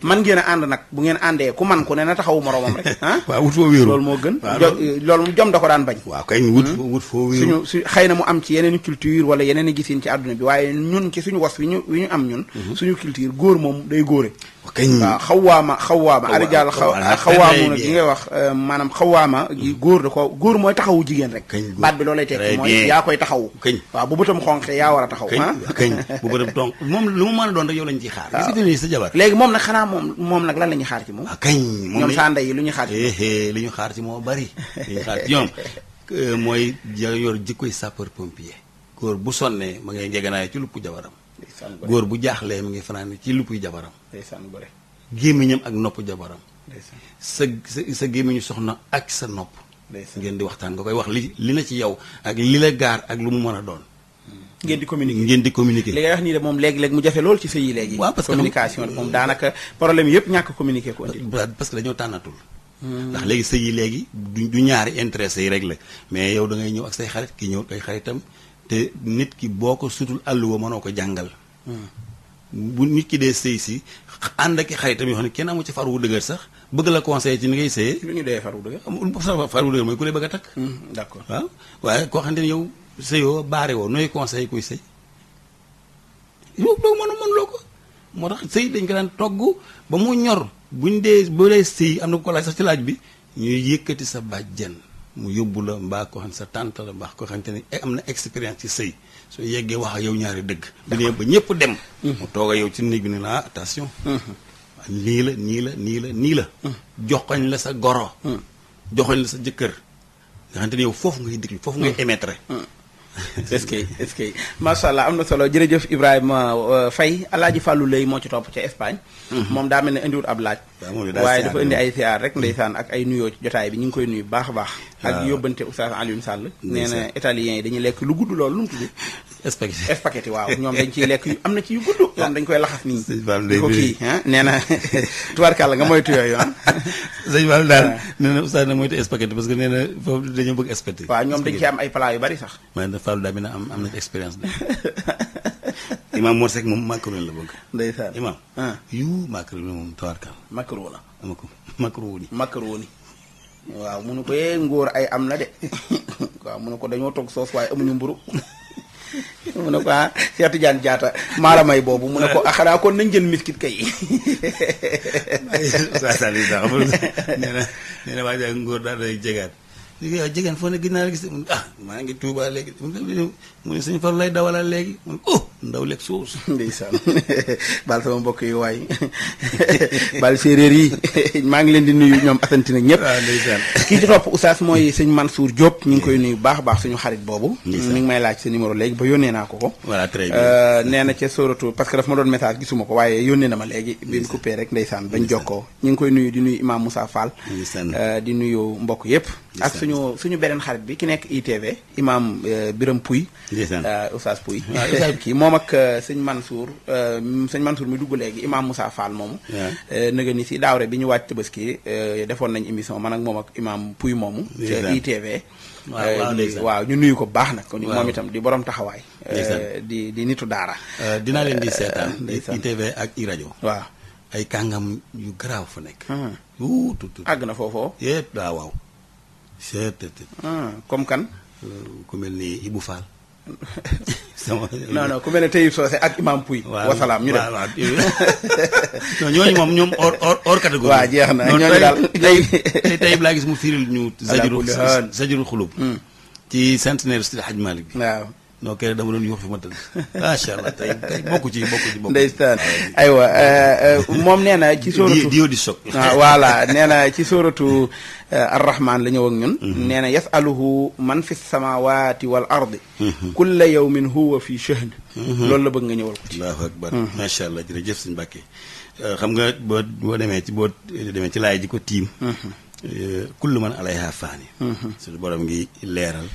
man ngeen a ànd nag bu ngeen àndee ku man ku ne na taxawu moroomam rek. ah waaw wut foo wéeru loolu moo gën. Euh, loolu jom da ko daan bañ. waaw kay wut hmm. wut foo wéeru. suñu xëy na mu am ci yeneen culture wala yeneen i gisin ci àdduna bi waaye ñun ci suñu was wi ñu wi ñu am ñun. Hmm. suñu culture góor moom day góore waaw xawaama xawaama arijaal xawaamu gi ngay wax euh, maanaam xawaama gi góor da ko góor mooy taxawu jigéen rek baat bi loolay tekki mooy yaa koy taxawu këñ waaw bu bëtam xonqee yaa war a taxaw këñ ah. bu bëtam donc moom lu mu mën doon rek yow lañ ciy xaar ah. sa jabar léegi moom nag moom moom nag lan la ñuy xaar ci moom ah, këñ ñoom sa ndey yi lu ñuy xaar ci eh, eh, ñu xaar ci moo bari li ñu xaar ci ñoom euh, mooy yor jikkoy sapeur pompier góor bu sonnee ma ngay njeganaay ci lupp jabaram góor bu jaaxlee mu ngi fanaan ci luppuy jabaram gémmiñam ak nopp jabaram sa sa sa gémmiñu soxna ak sa nopp ngeen di waxtaan nga koy wax li li na ci yow ak li la gaar ak lu mu mën a doon hmm. ngeen di communiquer ngeen di communiquer li ngay wax nii de moom léegi-léegi mu jafe loolu ci sëy yi léegi waaw parce communication moom hmm. daanaka problème yëpp ñàkk communiquer ko parce que dañoo tànnatul hmm. ndax léegi sëy yi léegi du ñaari intéressé yi rek la mais yow dangay ngay ñëw ak say xarit ki ñëw ay xaritam te nit ki boo ko sutul woo mënoo ko jàngal bu nit ki dee sëy si ànd ak i xaritam yoo xam ne kenn amu ci far wu dëgër sax bëgg la conseil ci ni ngay sëyee. lu ñu dee far wu dëgër. amul far wu dëgër mooy ku a hmm, waaye koo xamante ne yow sëyoo baare woo nooy conseil kuy sëy. yow ko moo tax sëy dañ ko daan togg ba mu ñor buñ dee boo dee sëy am na ko laaj sax ci laaj bi ñuy yëkkati sa bàjjen. mu yóbbu la mbaa ko xam sa tante la mbaa ko xam ne eh, am na expérience ci sëy soo yeggee wax ak yow ñaari dëgg. bu nee ba ñëpp dem. Mm-hmm. mu toog yow ci néeg bi ni la ah, attention. Mm-hmm. Ah, nii la nii la nii la nii la. Mm-hmm. joxoñ la sa goro. joxoñ la sa jëkkër. nga xamante ne yow foofu ngay déglu foofu ngay émettre. est-ce que est-ce que macha allah am na solo jërëjëf Ibrahima euh, Faye Alaaji Fàllu Lay moo ci topp ca Espagne. moom daa mel ne indiwul ab laaj. waaye dafa indi ay siyaar rek ndeysaan ak ay nuyoo ci jotaay bi ñu ngi koy nuyu baax baax ak yóbbante oustaz Alioune Sall nee na italien yi dañuy lekk lu gudd loolu lu mu tudd spaghetti spaghetti waaw ñoom dañ ciy lekk am na ci dañ koy laxas nii ko kii ah, nee na tubaarkàlla nga moytu yooyu ah sëñ Fall daal nee na oustaz na moytu spaghetti parce nee na foofu dañoo bëgg spaghetti waaw ñoom dañ ci am ay plat yu bari sax man Fall daal bi na am am na ci expérience imaam Mor Seck moom macaron la bëgg. ndeysaan imaam. Ah. yu macaron moom tawarkaal. macaron la ama ko waaw mu ne ko yee eh, ngóor ay am na de waaw mu ne ko dañoo togg soos waaye amuñu mburu mu ne ko ah maa mu ne ko ah xanaa kon nañ ah, ngi Touba léegi. mu ne suñu faru lay dawalal léegi mu ne oh ndaw lekk suus ndeysaan baal mbokk yi waay baal séeréer yi maa ngi leen di nuyu ñoom asanti nag ñëpp ndeysaan kii ci topp oustaz mooy hmm. sëñ Mansour Diop ñu ngi koy nuyu baax baax suñu xarit boobu mi ngi may laaj sa numéro léegi ba yónnee naa ko ko voilà très bien euh, nee na ca sóoratu parce que daf ma doon message gisuma ko waaye yónnee na ma léegi bi ñu coupé rek ndeysaan bañ jokkoo ñu ngi koy nuyu di nuyu Imam Moussa Fall euh, di nuyu mbokk yëpp ak suñu suñu beneen xarit bi ki nekk ITV Imam euh, Biram Pouy Euh, waaw Oustaz Pouy waaw Oustaz kii moom ak euh, sëñ Mansour euh, sëñ Mansour mi dugg léegi imam Moussa Fall moomu nëga ni si daaw rek bi ñu wàcc tabaski defoon nañ émission man ak moom ak imam Pouy moomu ca ITV waaw ñu nuyu ko baax nag moom itam di borom taxawaay di di nitu daara dinaa leen di seetaan ITV ak i rajo waaw ay kàngam yu garaaw fa nekk wuu ah. àgg na foofoo yëpp waaw ah, comme kan ku mel ni Ibou Fall non non ku mel ne Taïb Socé ak Imam Pouy. waaw wasalaam ñu dem non ñooñu moom ñoom hors hors hors catégorie. waaw jeex na ñooñu daal tey Taïb laa mu firil ñu. alaakulli xaal Zajirul Xulub hmm. ci centenaire Seydi Hadj Malick bi non kenn dama doon yuux fi ma tëdd macha allah tey tey bokku ci bokku ci bokku. ndeysaan aywa euh, euh, moom nee na ci sóoratu dio di soog ah voilà nee na ci sóoratu euh, arrahman la ñëw ak ñun mhm. nee na yasaluhu man fi samawati wal ardi mhm. kulla yawmin huwa fi sha'n mhm. loolu la bëgg nga ñëwal ko ci allahu akbar macha allah jërëjëf suñu Mbàkke xam nga boo boo demee ci boo demee ci laay ji ko tiim kullu man alayha faani suñu borom ngi leeral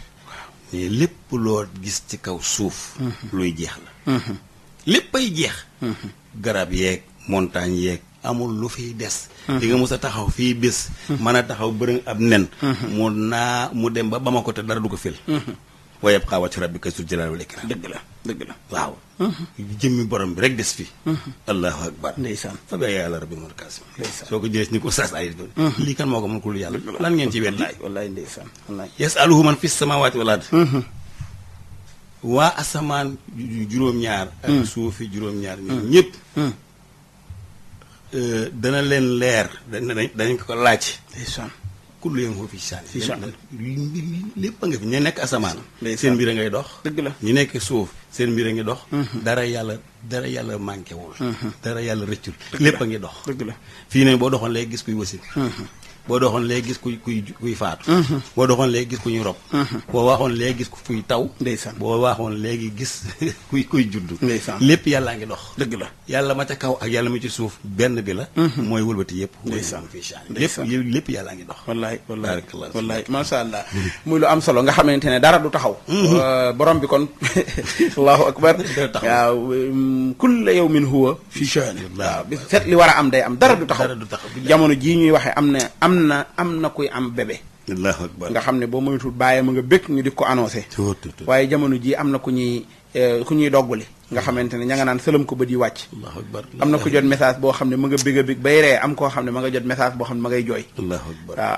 lépp loo gis ci kaw suuf mhm. luy jeex la mhm. lépp ay jeex mhm. garab yeeg montagne yeeg amul lu fiy des di nga a taxaw fii bés mën a taxaw bërëng ab nen mu naa mu dem ba ba Bamako te dara du ko fil wa yabqa wajhu rabbika zul jalaali wal ikram dëgg la dëgg la waaw mhm. jëmmi borom bi rek des fi mhm. allahu akbar ndeysaan fa bi yàlla rabbi mul kaasim ndeysaan soo ko jëlee ni ko sas ay mhm. lii kan moo ko mën ku lu yàlla lan ngeen ci wet laay wallaay ndeysaan yasaluhu man fi samawaati wal ard waa asamaan juróom-ñaar ak suufi juróom-ñaar ñoom ñëpp euh, dana leen leer danañ ko laaj ndeysaan kullu yawmin huwa fii sha'nin lépp a nga fi ñu nekk asamaan seen mbir a ngay dox dëgg la ñu nekk suuf seen mbir a ngi dox mm-hmm. dara yàlla dara yàlla manqué wul mm-hmm. dara yàlla rëccul lépp ngi dox dëgg la fii ne boo doxoon lay gis kuy wasin mm-hmm. boo doxoon léegi gis kuy kuy kuy faatu mhm. boo doxoon léegi gis ku ñu rob mhm. boo waxoon léegi gis kuy taw ndeysaan boo waxoon léegi gis kuy kuy judd ndeysaan lépp yàllaa ngi dox dëgg la yàlla ma ca kaw ak yàlla ma ci suuf benn bi la mhm. mooy wëlbati yëpp ndeysaan lépp lépp yàllaa ngi dox wallaay wallaay wallaay macha allah muy lu am solo nga xamante ne dara du taxaw borom bi kon allahu akbar waaw um, kulla yawmin huwa fi sha'n waaw bi seet li war a am day am dara du taxaw jamono jii ñuy waxe am na am am na am na kuy am bébé allahu akbar nga xam ne boo moytuwul bàyyi ma nga bëgg ñu di ko annoncé waaye jamono jii am na ku ñuy eh, ku ñuy dogguli nga xamante ne ña nga naan sëlam ko ba yi wàcc allahu akbar am na ku jot message boo xam ne ma nga bëgg a bëgg bay ree koo xam ne ma nga jot message boo ne ma ngay jooy allahu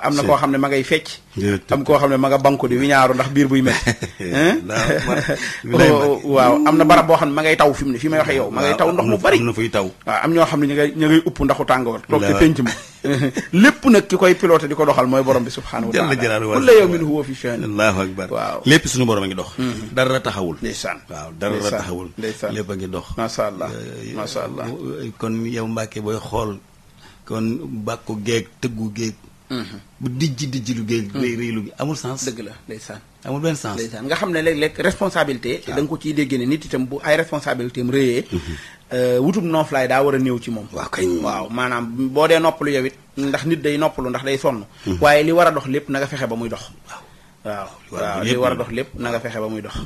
am na koo xam ne ma ngay fecc am koo xam ne ma nga banku di wiñaaru ndax biir buy métti waaw am na barab boo xam ne ma ngay taw fi mu ne fi may waxe yow ma ngay taw ndox mu bari am na fuy taw waaw am ñoo xam ne ña ngay ña ngay upp ndaxu tàngoor toog ci pénc ma lépp nag ki koy piloté di ko doxal mooy borom bi subhaanahu wa taala jalla jalaaluhu kullu yawmin huwa fi shaani allahu akbar waaw lépp suñu borom a ngi dox mm-hmm. dara taxawul ndeysaan waaw dara taxawul ndeysaan lépp a ngi dox macha allah eh, eh, macha allah kon yow Mbàkke booy xool kon bàkku geeg tëggu geeg mm-hmm. bu dijji dijji lu géej. Mm-hmm. rëy rëy lu amul sens. dëgg la ndeysaan. amul benn sens ndeysaan nga xam ne léeg-léeg responsabilité. da ko ciy dégg nit itam bu ay responsabilité am rëyee. Euh, wutum nooflaay daa war a néew ci moom waaw maanaam boo dee noppalu yow it ndax nit day noppalu ndax day sonn hmm. waaye li war a dox lépp nanga fexe ba muy dox waaw waaw war a dox lépp na nga fexe ba muy dox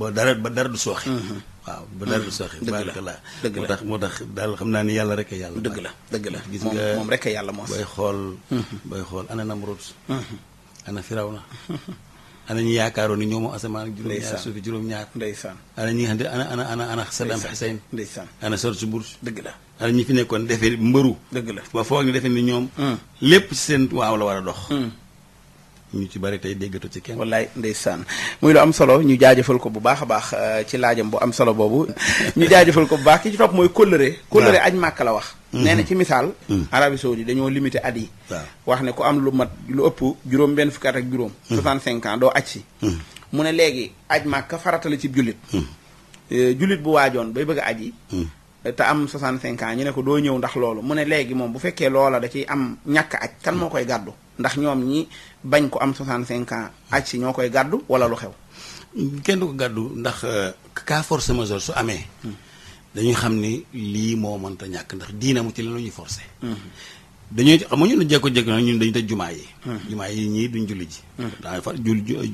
ba dara ba dara du sooxe hmm. waaw ba dara du sooxe dëgg la dëgg la moo moo tax daal xam naa ni yàlla rek a yàlla dëgg la dëgg la gis nga moom rek a yàlla moos bay xool hmm. bay xool ana Namrud ana Firawna ana ñu yaakaaroon ni ñoo moom asamaan ak juróom-ñaar suufi juróom-ñaar ndeysaan ana ñi nga xam ne ana ana ana ana dëgg la ana ñi fi nekkoon defee mbëru dëgg la ba foog ni defee ni ñoom mm. lépp ci seen waaw la war a dox mm. ñu ci bari tey déggatu ci kenn. wallaay ndeysaan muy lu am solo ñu jaajëfal ko bu baax a baax euh, ci laajam bu am solo boobu ñu jaajëfal ko bu baax ki ci topp mooy kóllëre kóllëre añ màkk la wax Mm-hmm. nee na ci misaal mm-hmm. Arabie Saoudite dañoo limité at yi wax ne ku am lu mat lu ëpp juróom benn fukki ak juróom mm-hmm. soixante cinq ans doo aj si mu ne léegi aj Makka farata la ci jullit eh, jullit bu waajoon bay bëgg a aj yi te am 65 ans ñu ne ko doo ñëw ndax loolu mu ne léegi moom bu fekkee loola da ciy am ñàkk aj kan moo koy gàddu ndax ñoom ñi bañ ko am 65 ans aj si ñoo koy gàddu wala lu xew kenn du ko gàddu ndax euh, cas force majeure su amee dañuy xam ni lii moo mënta ñàkk ndax diina mu ci la ñuy forcé mm-hmm. dañuy xamuñu ñun jekko jekko na ñun dañu tëj jumaa yi mm-hmm. jumaa yi ñii duñ julli ji mm-hmm. daa fa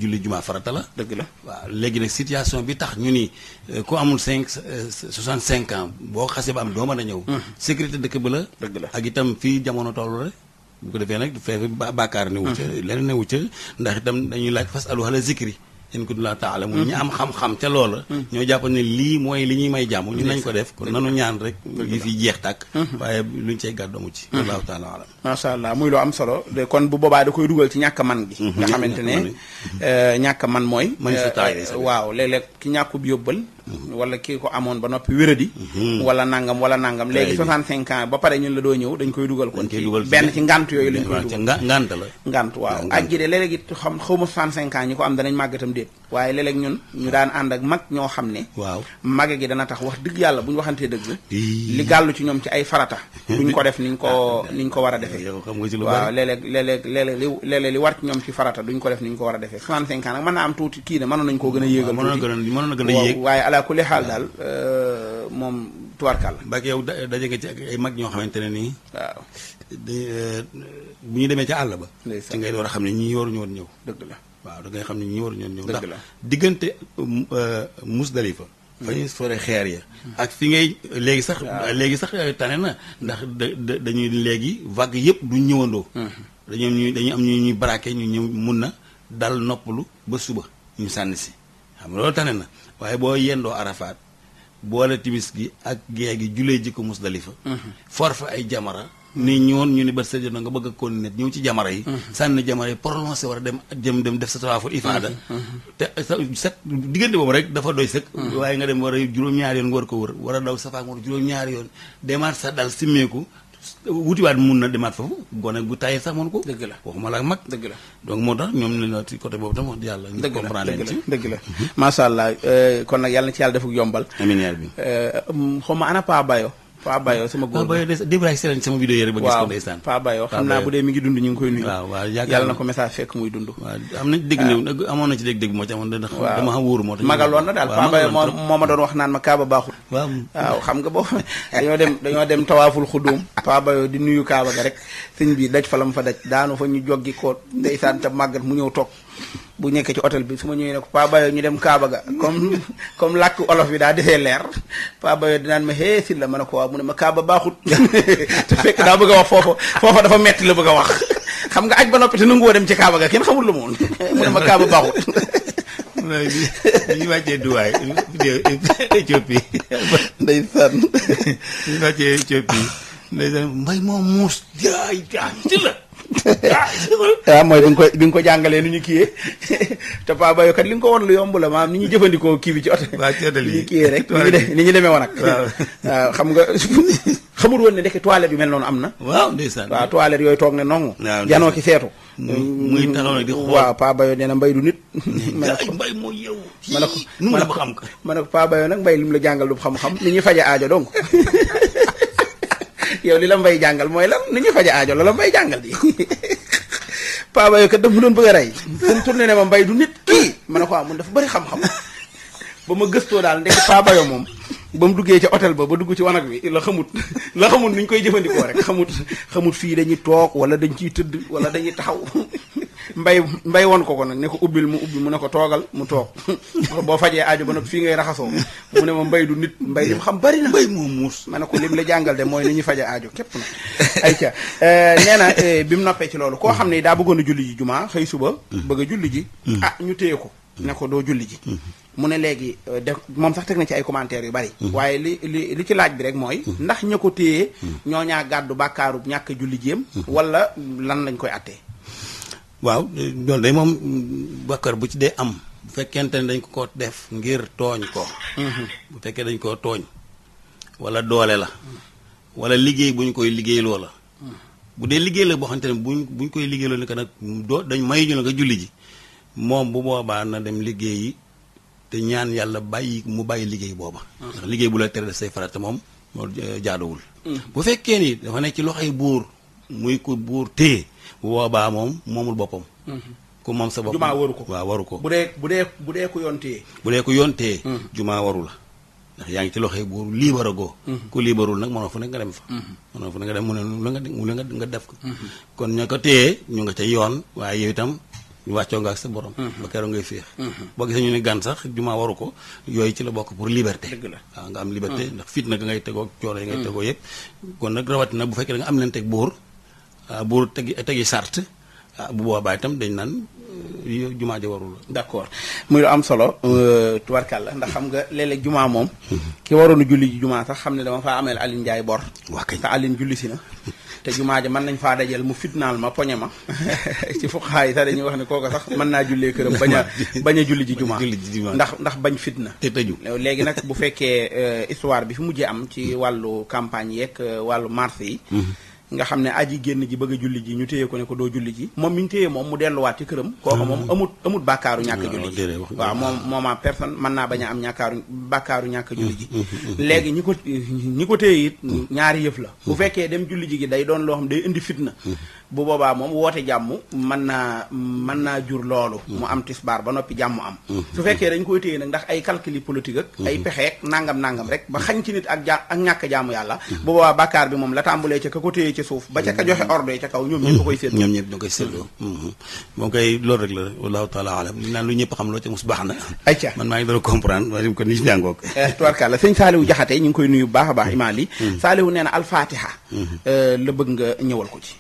julli jumaa farata la dëgg la waaw léegi nag situation bi tax ñu ni euh, ku amul cinq euh, soixante cinq ans boo xasee ba am doo mën a ñëw sécurité dëkk bi la dëgg la ak itam fii jamono toll rek bu ko defee nag feefi bàkkaar ne wu ca leneen ne wu ndax itam dañuy laaj fas alu ala zikri in kuntum laa ta'lamuun mm-hmm. ñu am xam-xam ca loola mm-hmm. ñoo jàpp ne lii mooy li ñuy may jàmm ñun nañ ko def kon nanu ñaan rek yi fi jeex tàkk mm-hmm. waaye lu luñ cey gàddamu ci wallaahu taala alam macha allah muy loo am solo kon bu boobaa da koy dugal ci ñàkk man gi nga xamante ne euh, ñàkk man mooy euh, waaw léeg-léeg ki ñàkkub yóbbal Mm-hmm. wala kii ko amoon ba noppi wéradi mm-hmm. wala nangam wala nangam léegi 65 ans ba pare ñun la doo ñëw dañ koy dugal kon ci benn ci ngant yooyu lañ koy dugal ngant ma 65 ans ñi ko am danañ màggatam ñu daan ànd mag ñoo xam ne waaw màgg gi dana tax wax dëgg yàlla bu ñu waxantee dëgg li gàllu ci ñoom ci ay farata duñ ko def niñ ko ah, niñ ko war defee waaw léeg-léeg léeg li war ci ñoom ci farata duñ ko def niñ ko war a defee 65 ans nag mën naa am tuuti kii ne mënoon nañ koo gën a yéegal mënoon na allah kulli xaal daal euh, moom tubarkàlla. Mbacke yow daje nga ci ak ay mag ñoo xamante ne nii. waaw euh, bu ñu demee ca àll ba. ci ngay door a xam ne ñii waruñu woon ñëw. waaw da ngay xam ne ñii waruñu woon ñëw. dëgg la ndax diggante mm, euh, Musdalifa fa ñuy hmm. sore xeer ya ak fi ngay léegi sax. léegi sax tane na ndax da dañuy léegi vague yëpp du ñëwandoo. Hmm. dañu am ñu ñuy braqué ñu ñëw mun na dal noppalu ba suba ñu sànni si xam nga loolu tane waaye boo yendoo arafaat boole timis gi ak gee gi julee ji ko musdalifa mhm. for fa ay jamara ni ñoon ñu ni ba sa jot nga bëgg a continuer ñëw ci jamara yi mhm. sànni jamara yi prononcé war a dem jëm dem def sa tawaaful ifaada mhm. te set diggante boobu rek dafa doy sëkk waaye nga dem war a juróom-ñaari yoon nga war ko wër war a daw safaak war juróom-ñaari yoon demaat sa dal simmeeku wutiwaat mun na demaat foofu gone gu tayee sax mën ko. dëgg la waxuma la ak mag. dëgg la donc moo tax ñoom ñu ne ci côté boobu tam wax dëgg yàlla. ñu comprendre leen ci dëgg la macha allah euh, kon nag yàlla na ci yàlla defuk yombal. amiin bi rabbi euh, xaw ma ana Paa Bayo. Paa Bayo sama góor Paa Bayo démb laa seetaan ba gis ko ndeysaan Paa xam naa bu dee mi ngi dund ñu ngi koy nuyu waaw waaw yàlla na ko message fekk muy dund waaw am amoon na ci dégg-dégg moo ci amoon dama xam wóoru moo tax magaloon na daal Paa Bayo moo ma doon wax naan ma Kaaba baaxul waaw xam nga boo dañoo dem dañoo dem tawaaful xudduum Paa Bayo di nuyu Kaaba ga rek sëñ bii daj fa la lam fa daj daanu fa ñu joggi ko ndeysaan te màggat mu ñëw toog bu nekkee ci hôtel bi su ma ñëwee ne ko Paa Bayo ñu dem Kaaba ga comme comme làkk olof bi daa defee leer Paa di naan ma hee la ma ne ko waaw mu ne ma Kaaba baaxut te fekk daa bëgg a wax foofa foofa dafa metti la bëgg a wax xam nga aj ba noppi te nangu woo dem ci Kaaba ga kenn xamul lu mu woon mu ne ma Kaaba baaxut. mooy bi bi ñu wàccee Dubaay Éthiopie. ndeysaan. bi ñu wàccee moom muus jaay jaay ci waaw ah, ah, mooy bi nga ko bi nga ko jàngalee nu ñu kii te paa bayokat li nga ko won lu yomb la maanaam ni ñu jëfandikoo kii bi ci oto bi ñu kiyee rek ni ñu de ni ñu demee woon waaw ah, xam nga xamul woon ne ndeke toilette yu mel noonu am na waaw ndeysaan waaw toilette yooyu toog ne nongu janoo ki seetu muy taxaw nag di xool waaw Paa Bayo na mbay du nit. ma ne ko ma ne ko ma ne ko Paa Bayo nag mbay lim la jàngal du xam-xam. li ñuy faje aajo donc. yow li la mbay jàngal mooy la ni ñuy faja aajo la la mbay jàngal di paa ba yow kat daf mu doon bëgg a rey seen tourné ne ma mbay du nit kii ma ne ko ah mun dafa bari xam-xam ba ma gëstoo daal ndekk paa ba moom ba mu duggee ca hôtel ba ba dugg ci wanag wi la xamut la xamut ni ñu koy jëfandikoo rek xamut xamut fii dañuy toog wala dañ ciy tëdd wala dañuy taxaw mbay mbay woon ko ko nag ni ko ubbil mu ubbi mu ne ko toogal mu toog boo fajee ajo ba nag fii ngay raxasoo mu ne ma mbay du nit mbay lim xam bari na mbay moo muus ma ne ko lim la jàngal de mooy ni ñuy faje ajo képp na ayca euh, nee na euh, bi mu noppee ci loolu koo xam ne daa bëggoon a julli ji jumaa xëy suba mm. bëgg a julli ji mm. ah ñu téye ko ne ko doo julli ji mhm. mu ne léegi euh, de moom sax teg na ci ay commentaires yu bari mhm. waaye li li li ci laaj bi rek mooy mhm. ndax ña ko téye ñoo ñaa gàddu bàkkaaru ñàkk julli jéem wala lan lañ koy attee waaw euh, loolu day moom bàkkaar bu ci dee am bu fekkente ne dañ ko ko def ngir tooñ ko bu fekkee dañ koo tooñ wala doole la wala liggéey bu ñu koy liggéey loo bu dee liggéey la boo xamante ne bu buñ koy liggéey loo ne que nag doo dañ may ñu la julli ji moom bu boobaa na dem liggéeyi te ñaan yàlla bàyyi mu bàyyi liggéey booba. Ah. liggéey bu la tere def say farat moom loolu hmm. bu fekkee ni dafa nekk ci loxoy buur muy ko buur téye bu boobaa moom moomul boppam. Hmm. ku moom sa bopp jumaa waru ko waaw waru ko. bu dee bu dee bu dee ku yoon téye. bu dee ku yoon téye. Hmm. jumaa waru la. ndax yaa ngi ci loxoy buur liibara goo ku liibarul nag moo fu ne nga dem fa mënoo fu ne nga dem nga def ko kon ña ko téye ñu nga ca yoon waaye yow itam ñu wàccoo nga ak sa borom. Mm-hmm. ba keroog ngay féex. Mm-hmm. boo gisee ñu ne gan sax jumaa waru ko yooyu ci la bokk pour liberté. dëgg la waaw nga am liberté mm-hmm. ndax fitna nga ngay tegoo coono yi ngay tegoo yëpp. kon nag na bu fekkee da nga am leen teg buur ah, buur tegi tegi sart ah, bu boobaa tam dañ naan jumaa ji warul d'accord muy lu am solo euh, tubarkàlla ndax xam nga léeg jumaa moom mhm. ki waroon julli ji jumaa sax xam ne dama faa ameel Aline Ndiaye bor te Aline julli si na te jumaa ji mën nañ faa dajal mu fitnaal ma poñe ma ci fuqaa yi sax dañuy wax ne kooku sax mën naa jullee këram bañ a bañ a julli ji jumaa ndax ndax bañ fitna te tëju léegi nag bu fekkee euh, histoire bi fi mujjee am ci wàllu campagne yeeg euh, wàllu marché yi mhm. nga xam ne aji génn ji bëgg julli ji ñu téye ko ne ko doo julli ji moom mi ñu téye moom mu delluwaat ci këram kooka moom mm-hmm. amut amut bàkkaaru ñàkk julli ji waaw moom a personne mën naa bañ a am ñàkkaaru bàkkaaru ñàkk julli ji mm-hmm, mm-hmm, léegi ñi ko ñi ko téye it ñaari yëf la bu fekkee dem julli ji gi day doon loo xam day indi fitna bu boobaa moom woote jàmm mën naa man naa jur loolu mu am tisbaar ba noppi jàmm am mm-hmm. su fekkee dañ koy téye nag ndax ay calcul politique ay mm-hmm. pexeek nangam nangam rek ba xañ ci nit ak ja ak ñàkk jàmm yàlla mm-hmm. bu boobaa bàkkaar bi moom la tàmbulee ca ka ko téye ca suuf ba ca ka joxe ordre ca kaw ñoom ñëpp da koy seet ñoom ñëpp loolu rek la wallahu taala alam li lu ñëpp xam loo ca mos na ayca man maa ngi doon comprendre ma ko ni si jàngoog eh, tubarkàlla sëñ Saaliwu Jaxate ñu ngi koy nuyu baax a baax imaam li eh, la bëgg nga ñëwal ko ci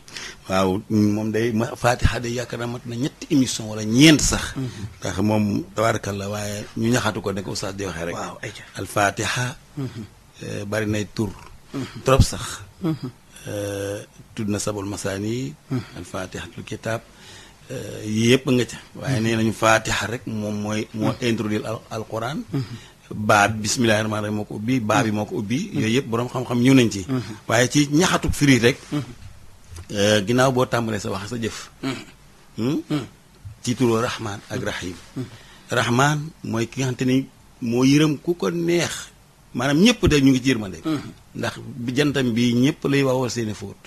waaw moom day ma Fatiha day yaakaar naa mat na ñetti émission wala ñeent sax. Mhm. ndax moom la waaye ñu ñaxatu ko ne ko oustaz di waxee rek. waaw ayca al mhm. eh, bari nay tur. Mhm. trop sax. Eh, tudd na sabul masaan yi. al Fatihatul kitaab. Eh, yëpp nga ca. waaye nee nañu Fatiha rek moom mooy. moo introduire al alquran. baab bismillahi rahmaani rahim moo ko ubbi baab yi moo ko ubbi. yooyu yëpp borom xam-xam ñëw nañ ci. waaye ci ñaxatu firi rek. Euh, ginnaaw boo tàmbalee sa wax sa jëf. Hmm. Hmm? Hmm. ci turu rahmaan ak rahim. rahmaan mooy ki nga xamante ni moo yërëm ku ko neex maanaam ñëpp de ñu ngi ci yërmande. ndax jantam bi ñëpp lay waawal seeni fóot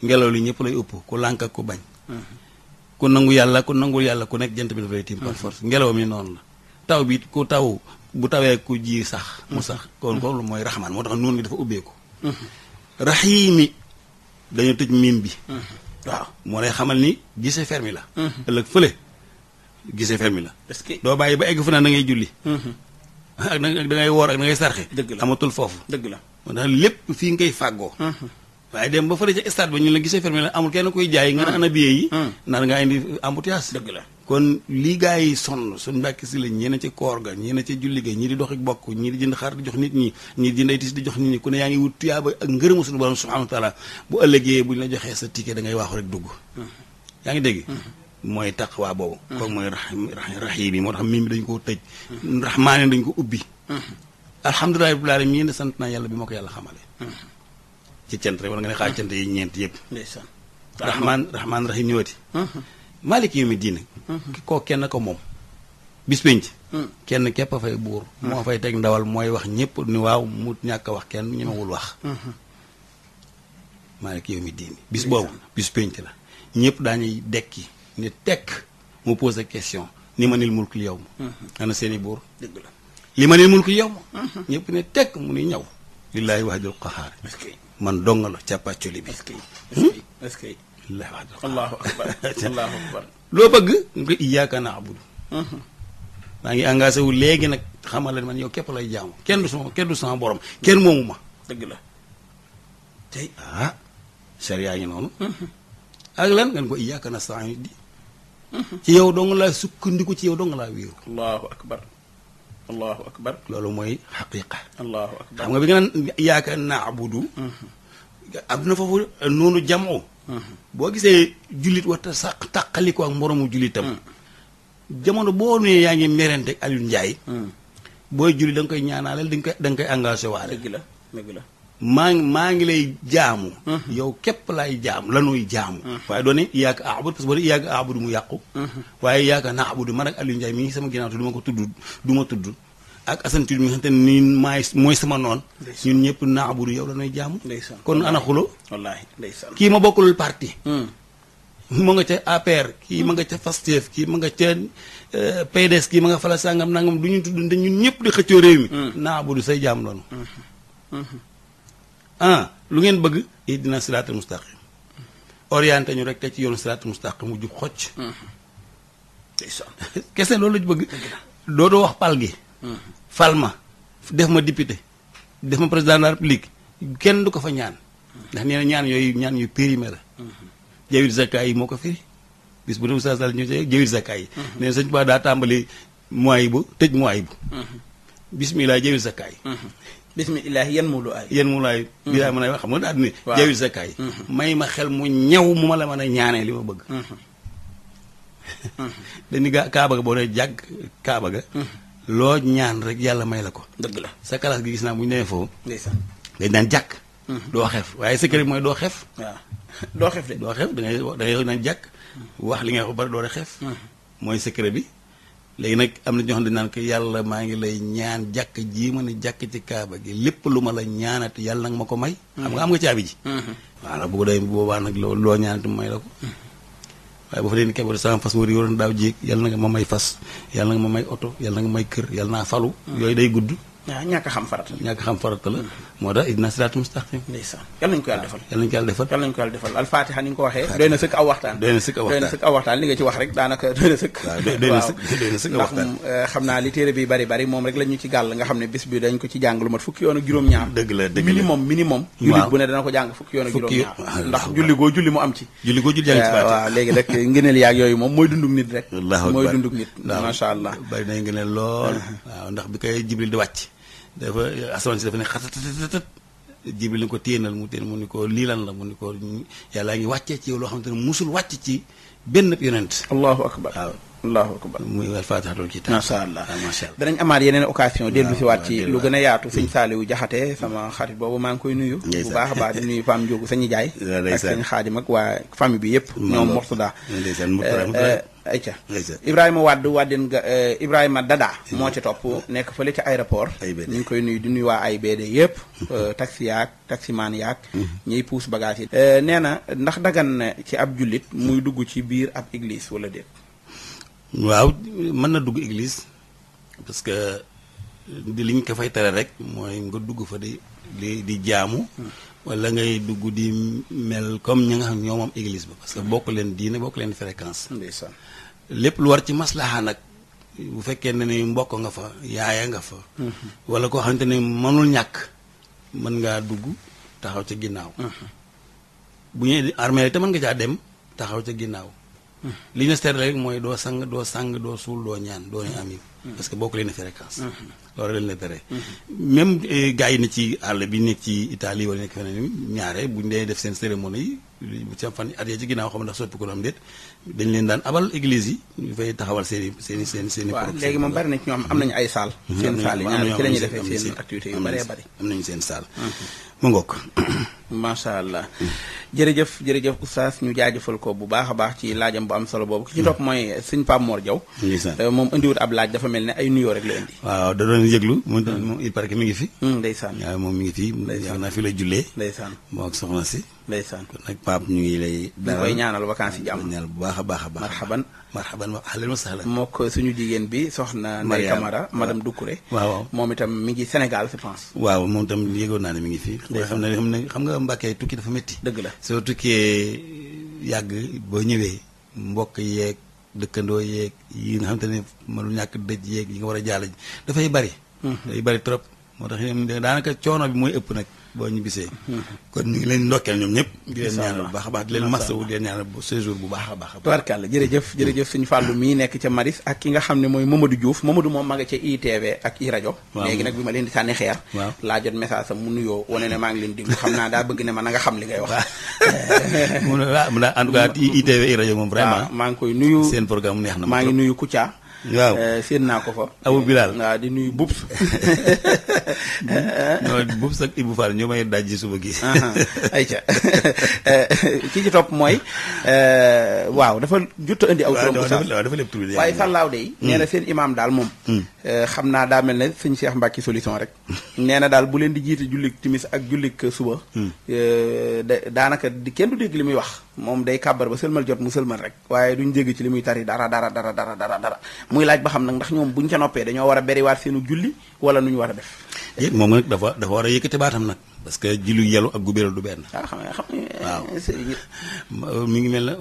ngelaw li ñëpp lay ëpp ku lànk ak ku bañ. ku nangu yàlla ku nangul yàlla ku nekk jant bi dafay tiim par force ngelaw mi noonu la taw bi ku taw bu tawee ku ji sax mu sax kon kon mooy rahmaan moo tax noonu li dafa ubbeeku rahiimi dañoo tëj miim bi. waaw moo lay xamal ni gise fermi la. ëllëg fële gisee fermi la. est-ce que doo bàyyi ba egg fu naan da ngay julli. ak da ngay woor ak da ngay sarxe. dëgg amatul foofu. dëgg la lépp fii ngay fàggoo. waaye dem ba fële ca stade ba ñu la gisee fermé la amul kenn koy jaay nga ne ah. ana billet yi ah. nar ngaa indi embouteillage dëgg kon lii gars yi sonn suñ mbàkki si la ñi na ci koor ga ñi na ci julli ga ñii di doxi bokk ñii di jënd xar di jox nit ñi ñii di jënd ay tis di jox nit ñi ku ne yaa ngi wut tuyaaba ak ngërëmu suñu borom subhanahu bu ëllëgee bu ñu la joxee sa ticket da ngay waaxu rek dugg ah. yaa ngi dégg mooy waa boobu kon mooy rahim yi moo tax mim bi dañ koo tëj rahmaani dañ ko ubbi alhamdulillahi rabbil alamin sant naa yàlla bi ma ko yàlla xamale ci cant rek wala nga ne xaaj cant yi ñeent yëpp ndeysaan rahman rahman rahim ñëwati uh-huh. malik yomi diina uh-huh. koo kenn ko moom bis penc uh-huh. kenn képp a fay buur moo fay teg ndawal mooy wax ñëpp ni waaw mu ñàkk a wax kenn ñemewul wax malik yomi diini bis boobu bis penc la ñëpp daañuy dekki ni tekk mu posé question ni ma nil mulkul yow ma ana seen i buur dëgg la li ma nil mulkul yow ma ñëpp ne tekk mu ni ñaw lillaahi wahdul qahaar man dong la ca bi. est-ce que loo bëgg nga na na'budu uh-huh. maa ngi engagé wu léegi nag xamal leen man yow képp lay jaamu kenn du sama kenn du sama borom kenn moomu ma. dëgg la tey ah ngi noonu. Uh-huh. ak lan ngeen ko iyyaaka nasta'iin di. Uh-huh. ci yow dong laa sukkandiku ci yow dong laa wéeru. allahu akbar loolu mooy xaqiqa. allahu akbar xam nga bi nga naan yaakaar naa abudu. am na foofu noonu jamu. boo gisee jullit waxta sa taqali ko ak moromu jullitam. jamono boo nee yaa ngi merente ak Aliou Ndiaye. Hmm. booy julli da nga koy ñaanalal da nga koy da koy engagé waale. dëgg la dëgg maa ngi maa ngi lay jaamu uh-huh. yow képp laay jaamu lanuy jaamu uh-huh. waaye doone iyaaka aabudu parce que boo ne iyaaka aabudu mu yàqu uh-huh. waaye iyaaka na aabudu man ak Aliou Ndiaye mi ngi sama ginnaaw te ma ko tudd du ma tudd ak asantud mi nga xam mooy sama noon ñun ñëpp na aabudu yow lanuy jaamu kon ana xulo wallaahi ndeysaan kii ma bokkulul parti hmm. ma nga ca APR kii ma nga ca Fastef kii ma nga ca eh, PDS kii ma nga fala sàngam nangam du ñu tudd ñun ñëpp di xëccoo réew mi hmm. naabudu say jaam loonu ah lu ngeen bëgg ihdina siraatal mustaqim orienté ñu rek te ci yoonu siraatal mustaqim mu jub xocc kese loolu lañu bëgg doodoo wax pal gi fal ma def ma député def ma président de la république kenn du ko fa ñaan ndax nee ñaan yooyu ñaan yu périmé la jawir zaka yi moo ko firi bis bu dem saa sal ñëw sëñ daa tàmbali mooy bu tëj mooy bu bismillah jawir zaka yi bismillah yan mawlaay yan mawlaay bilaay mën a wax xam nga daal ni jawil zakkaay mm-hmm. may ma xel mu ñaw mu ma la mën a ñaanee li ma bëgg mm-hmm. dañu gaa kaaba ga boo ne jàgg kaaba ga mm-hmm. loo ñaan rek yàlla may la ko dëgg la sa kalaas gi gis naa bu ñu demee foofu ndeysaan dañ daan jàkk doo xef waaye sa kër mooy doo xef waaw doo xef de doo xef da da ngay naan jàkk wax li nga wax ba pare doo xef mooy secret bi léegi nag am na ñoo xam ne naan ko yàlla maa ngi lay ñaan jàkk ji ma ne jàkk ci kaaba gi lépp lu ma la ñaanati yàlla nag ma ko may. xam nga mm-hmm. am nga caabi ji. Mm-hmm. waaw nag bu dee boobaa nag loo loo ñaanati may la ko. Mm-hmm. waaye bu fa leen kebar sama fas wër yoroon daaw yàlla na nga ma may fas yàlla na nga ma may oto yàlla na nga may kër yàlla naa falu. yooyu day gudd. waaw ah, ñàkk xam farata ñàkk xam farata la. moo tax ihdina siraatal mustaqim ndeysaan yal nañu ko yàlla yal nañu ko yàlla defal yal nañu ko yàlla defal alfaatiha ni nga ko waxee doy na sëkk aw waxtaan doy na sëkk aw waxtaan doy na sëkk ci wax rek daanaka doy na sëkk doy na sëkk doy na eh, xam naa li téere bi bari bari moom rek la ñu ci gàll nga xam ne bis bi dañ ko ci jàng lu mat fukki yoon ak juróom ñaar dëgg la dëgg la minimum minimum jullit bu ne dana ko jàng fukki yoon ak juróom ñaar ndax julli goo julli mu am ci julli goo julli jàng ci eh, waaw moom mooy dundug nit rek mooy dundug nit macha allah bari na ngëneel lool uh-huh. waaw ndax bi koy jibril di wàcc dafa asamaan si dafa ne xatatatatatat jibril ni ko téenal mu téen mu ni ko lii lan la mu ni ko yàllaa ngi wàccee ci yow loo xamante ne musul wàcc ci benn yonent allahu akbar waaw allahu akbar muy wal faatixatul kitaab macha allah ah, macha allah danañ amaat yeneen occasion dellu ah, si waat ci lu gën a yaatu sëñ Saaliwu Jaxate sama xarit boobu maa ngi koy nuyu bu baax a baax di nuyu Fam Njóogu sañu jaay ak sañ xaadim ak waa famille bi yëpp ñoom Murtada eh, eh, ayca Ibrahima Wade Wadeen ga eh, Ibrahima mm. moo ci topp mm. nekk fële ca aéroport ñu ngi koy nuyu du nuy waa ay AIBD yëpp mm-hmm. taxi yaag taximaan yaag mm-hmm. ñiy puus bagage yi nee na ndax dagan na ci ab jullit muy dugg ci biir ab église wala déet waaw mën na dugg église parce que di liñ ko fay tere rek mooy nga dugg fa di di di jaamu. wala ngay dugg di mel comme ñu nga xam ñoo moom église ba parce que bokk leen diine bokk leen fréquence. ndeysaan lépp lu war ci maslaha nag bu fekkee ne ni mbokk nga fa yaaya nga fa. Mhm. wala koo xamante ne mënul ñàkk mën ngaa dugg taxaw ca ginnaaw. Mhm. bu di armée te mën nga caa dem taxaw ca ginnaaw. li ñu seet rek mooy doo sang doo sang doo suul doo ñaan doo ne amiin parce que bokk leen fréquence loolu leen la tere même eh, gars yi ne ci àll bi nekk ci Italie wala nekk feneen ñaare buñ dee def seen cérémonie yi bu ca fan at yee ci ginnaaw xam ndax soppi ko am déet dañ leen daan abal église yi ñu fay taxawal seen i seen i seen i seen i waaw moom bari na ci ñoom am nañu ay saal seen saal yi ñaar ci la ñuy defee seen activité yu bëree bëri am nañu seen saal mu ngook macha allah jërëjëf jërëjëf oustaz ñu jaajëfal ko bu baax a baax ci laajam bu am solo boobu ki ci topp mooy sëñ Pape Mor Diaw euh, moom indiwut ab laaj dafa mel ne ay nuyoo rek la indi waaw da doon yëglu moom hmm. il paraît que mi ngi fi hmm, ndeysaan waaw moom mi ngi fi yaakaar naa fi la jullee ndeysaan moo ak soxna si ndeysaan kon nag Pape ñu ngi lay ñu koy ñaanal vacances yi jàmm ñaanal bu baax a baax a baax marhaban marhaban wa ahlan wa sahlan moo ko suñu jigéen bi soxna Ndeye Camara madame Doucouré waaw moom itam mi ngi Sénégal je pense waaw moom itam yëgoon naa ne mi ngi fi xam ne xam ne xam nga nga Mbàkke tukki dafa metti dëgg la soo tukkee euh, yàgg boo ñëwee mbokk yeeg dëkkandoo yeeg yi nga xamante ne mënul ñàkk dëj yeeg yi nga war a jàll ji dafay bari. Mhm. bari trop moo tax daanaka coono bi mooy ëpp nag. boo ñibbisee kon ñu ngi leen ndokkeel ñoom ñëpp di leen bu baax a baax di leen masawu di leen ñaanal bu séjour bu baax a baax tubarkàlla jërëjëf jërëjëf suñu fàllu mii nekk ca Maris ak ki nga xam ne mooy Mamadou Diouf Mamadou moom ma nga ca ITV ak i léegi nag bi ma leen sànni xeer laa jot message am mu nuyoo wane ne maa ngi leen déglu xam naa daa bëgg ne ma na nga xam li ngay wax mu ne en tout cas ITV i rajo moom vraiment maa ngi koy nuyu seen programme neex na maa ngi nuyu Kouthia waaw eh, seen naa ko fa. Abu Bilal waaw di nuyu Bubs. non Bubs ak Ibou Fall ñoo may daj suba gi. ayca eh, ki ci topp mooy eh, waaw dafa jutta indi aw turam. waaw dafa lépp tur bi waaye Fallaaw de nee na hmm. seen imaam daal moom. Hmm. xam naa daa mel ne sëñ Cheikh Mbacke solution rek. Hmm. nee na daal bu leen di jiite jullik timis ak jullik suba. daanaka kenn du dégg li muy wax. moom day kàbbar ba sëlmal jot mu sëlmal rek waaye duñ dégg ci li muy tari dara dara dara dara dara dara muy laaj ba xam nag ndax ñoom buñ ca noppee dañoo war a beriwaat seenu julli wala nu ñu war a def yéeg moom nag dafa dafa war a yëkkati baatam nag parce que jilu yelu ak gubéral du benn waaw ah, xam nga xam waaw mi ngi mel na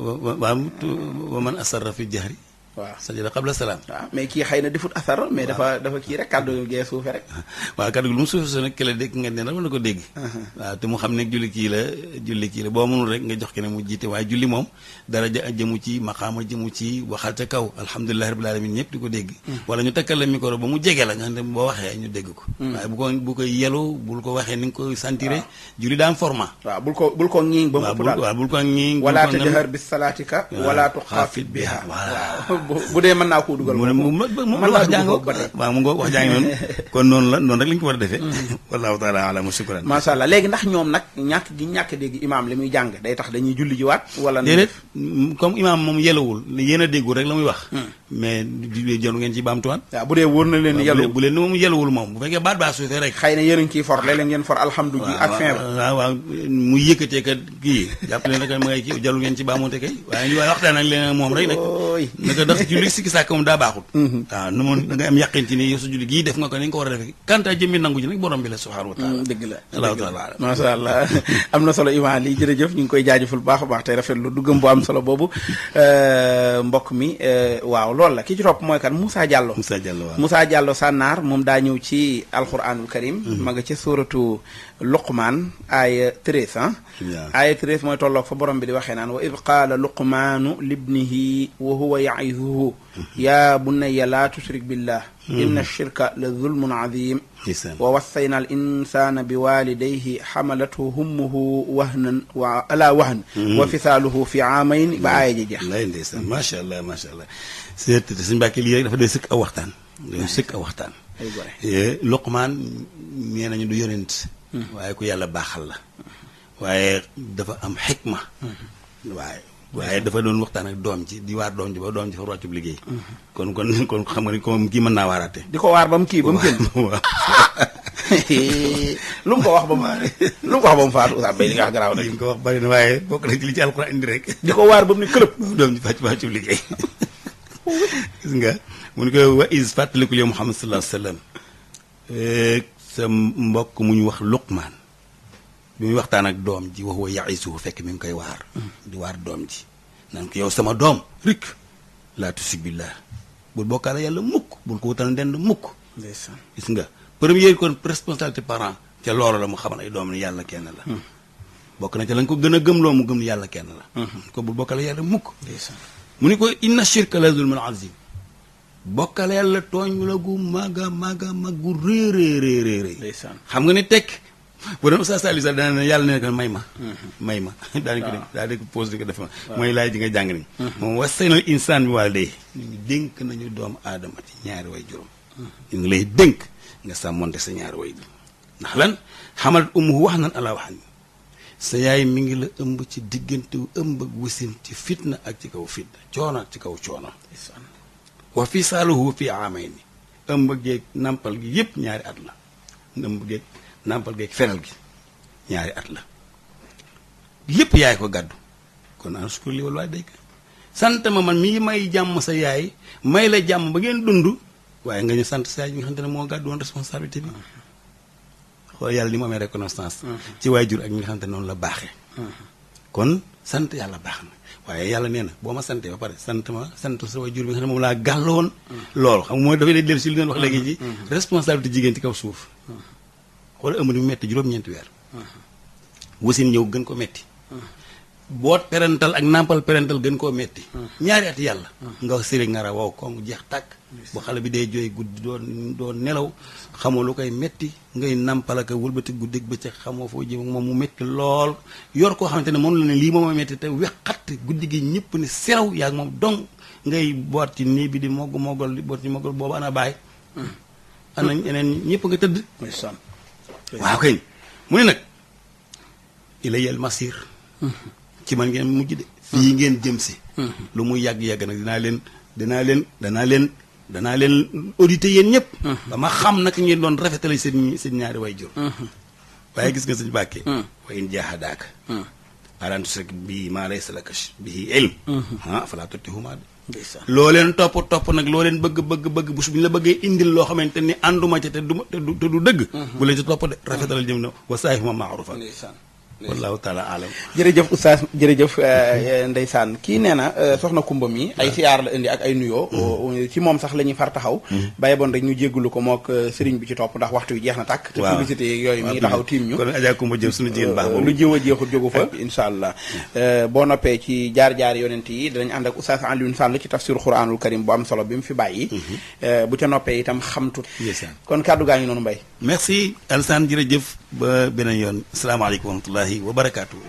wa man a fi jahri waaw sajada qabla salaam waaw mais kii xëy na defut asar mais dafa dafa kii rek kàddu gee suufe rek waaw kàddu lu mu suufe su nag ki la dégg nga ne la mën na ko dégg uh-huh. waaw te mu xam ne julli kii la julli kii la boo mënul rek nga jox ke ne mu jiite waaye julli moom daraja jëmu ci maqaama jëmu ci waxal ca kaw alhamdulilahi rabbil alamin ñëpp di ko dégg hmm. wala ñu takkal la micro ba mu jege la nga xam ne boo waxee ñu dégg ko hmm. waaye bu ko bu koy yelu bul ko waxee ni nga koy sentire julli daam format waaw bul ko bul ko ñiing ba mu waaw bul ko ñiing wala tajhar bis salaatika wala tuxaafit biha waaw bu dee mën naa koo dugal. mën naa jàngoo waaw mu ngoo wax jàng la noonu rek lañ ko war a defee mm-hmm. wallahu taala alam shukran macha allah léegi ndax ñoom nag ñàkk gi ñàkk dégg jàng day tax mm, a la muy mm. rek xëy na yéen a ngi ciy for mu yëkkatee kat kii jàpp leen rek ma ngay kii jarul ngeen ci baamonte kay waaye ñu waxtaan leen moom rek nag ooy a ndax julli sikki sàkk moom daa baaxul mm-hmm. waaw nu moom da nga am yàqin ci ni yow sa julli gii def nga ko ni nga ko war a defee kanta jëmmi nangu ji nag borom bi la subhaanahu wa taala mm, dëgg la allahu taala macha allah am na solo Imaam lii jërëjëf ñu ngi koy jaajëfal bu baax a baax tey rafetlu duggam bu am solo boobu euh, mbokk mi euh, waaw loolu la ki ci mooy kan Moussa Diallo Moussa Diallo Moussa moom daa ñëw ci alquranul karim mm-hmm. ma nga ca luqmaan aaya 13 ah aaya 13 mooy tolloog fa borom bi di waxee naan wa id qaala luqmaanu libnihi wa huwa yaizuhu yaa bunayya laa tushrik billah hmm. inna ashirka la zulmun azim wa wassayna al insana bi walidayhi xamalathu hummuhu wahnan wa ala wahn hmm. wa fisaaluhu fi aamayn ba aaya ji jeex lay ndeysaan macha allah macha allah suñu mbàkke lii rek dafa doy sëkk aw waxtaan doy sëkk aw waxtaan eh, luqmaan nee nañu du yonent waaye ku yàlla baaxal la waaye dafa am xikma waaye waaye dafa doon waxtaan ak doom ji di waar doom ji ba doom ji fa roccub liggéey kon kon kon xam nga ni comme mën naa waaraate di ko waar ba mu kii ba mu génn lu mu ko wax ba mu lu mu ko wax ba mu faatu Oustaz Mbaye li nga na wax bari na waaye bokk na ci di ko waar ba mu ne këlëb doom ji fàcc fàccub liggéey gis nga mu ne ko wa is fàttaliku yow Muhammad sallallahu alayhi wa sa mbokk mu ñu wax luqmaan bi muy waxtaan ak doom ji wax wa yaisuhu fekk mi ngi koy waar mm. di waar doom ji nan ko yow sama doom rik laa tusik billah bul bokkaale yàlla mukk bul ko wutal ndend mukk ndeysaan gis nga première kon responsabilité parent ca loolu la mu xamal ay doom ne yàlla kenn la mm. bokk na ca lañ ko gën a gëm loo mu gëm yàlla kenn la mm-hmm. ko bul bokkaale yàlla mukk mu ni ko inna shirka la zulmun azim bokkale yàlla tooñ la gu maga maga mag gu réeréeréeréy xam nga ne tekk bu doon sa sali sax daan yàlla ne ko may ma mm-hmm. may ma daane ko daa dek pose di ko def mooy nga jàng ni mm-hmm. moom wasaynal insaan nañu doom aadama ci ñaari way juróom mm-hmm. ñu ngi lay dénk nga sàmmonte sa ñaari way juróom ndax lan xamalat ummuhu wax nan alaa waxan sa yaay mi ngi la ëmb ci diggante ëmb ak wasin ci fitna ak ci kaw fitna coono ak ci kaw coono wa fi saaluhu fi amay ni ëmb géeg nàmpal gi yépp ñaari at la ëmb géeg nàmpal géeg feral gi ñaari at la lépp yaay ko gàddu kon an sukkur li wal waay dayka sant ma man mii may jàmm sa yaay may la jàmm ba ngeen dund waaye nga ñu sant sa yaay bi nga xam ne moo gàddu woon responsabilité bi xool yàlla ni mu amee reconnaissance mm-hmm. ci waajur ak ñi nga xam noonu la baaxee mm-hmm. kon sant yàlla baax na waaye yàlla nee na boo ma santee ba pare sant ma sant sa waajur bi nga xam ne moom laa gàlloon loolu xam nga mooy dafay lay dellu si li ngeen wax léegi ji responsabilité jigéen ci kaw suuf wala ëmb bi mu metti juróom-ñeenti weer wasin ñëw gën ko metti boot perental ak nàmpal perental gën koo metti ah. ñaari at yàlla ah. nga sëri ngara waaw ko jeex tàkk bu xale bi dee jooy guddi doo doo nelaw xamoo lu koy metti ngay nàmpal ak wëlbati guddi xamoo foo jëm moom mu metti lool yor koo xamante ne moom la ne lii moom a metti te guddi gi ñëpp ne seraw yaa moom dong ngay boot ci nii bi di mogg moggal di boot ci moggal boobu ana bàyyi ah. ana ñeneen ñëpp nga tëdd waaw kay mu ne nag ilayal masir ci man ngeen mujj de. fii hmm. ngeen jëm si. Hmm. lu muy yàgg yàgg nag dinaa leen dinaa leen danaa leen danaa leen auditer yéen ñëpp. dama hmm. xam nag ngeen doon rafetale seen seen ñaari way jur. waaye gis nga sëñ Bàkke. wa in jaahadaaka. alaa an tushrika bii maa laysa laka bihi ilm. ah falaa tutiihumaa loo leen topp topp nag loo leen bëgg bëgg bëgg bu ñu la bëggee indil loo xamante ni ànduma ca te du te du dëgg. bu leen ci topp de rafetal jëm na wa saahibuhumaa wallahu taala alam jërëjëf oustaz jërëjëf euh, euh, saan kii nee na euh, soxna kumba mi ay siyaar la indi ak ay nuyoo mm. ci moom sax la ñuy far taxaw mm. bàyyi boon rek ñu jéggalu ko mook sëriñ bi ci topp ndax waxtu yu jeex na tàkk te publicité yeeg yooyu mi ngi taxaw tiim ñu kon Adja Kumba jëm suñu lu jiw a jeexul jógu fa incha allah mm. boo noppee ci jaar-jaar yonent yi dinañ ànd ak oustaz Alioune Sall ci tafsir quranul karim bu am solo bi mu fi bàyyi mm-hmm. bu ca noppee itam xamtu kon kàddu gaa ngi noonu mbay merci Alassane jërëjëf ba beneen yoon asalaamaaleykum wa rahmatullahi wa barakaatu.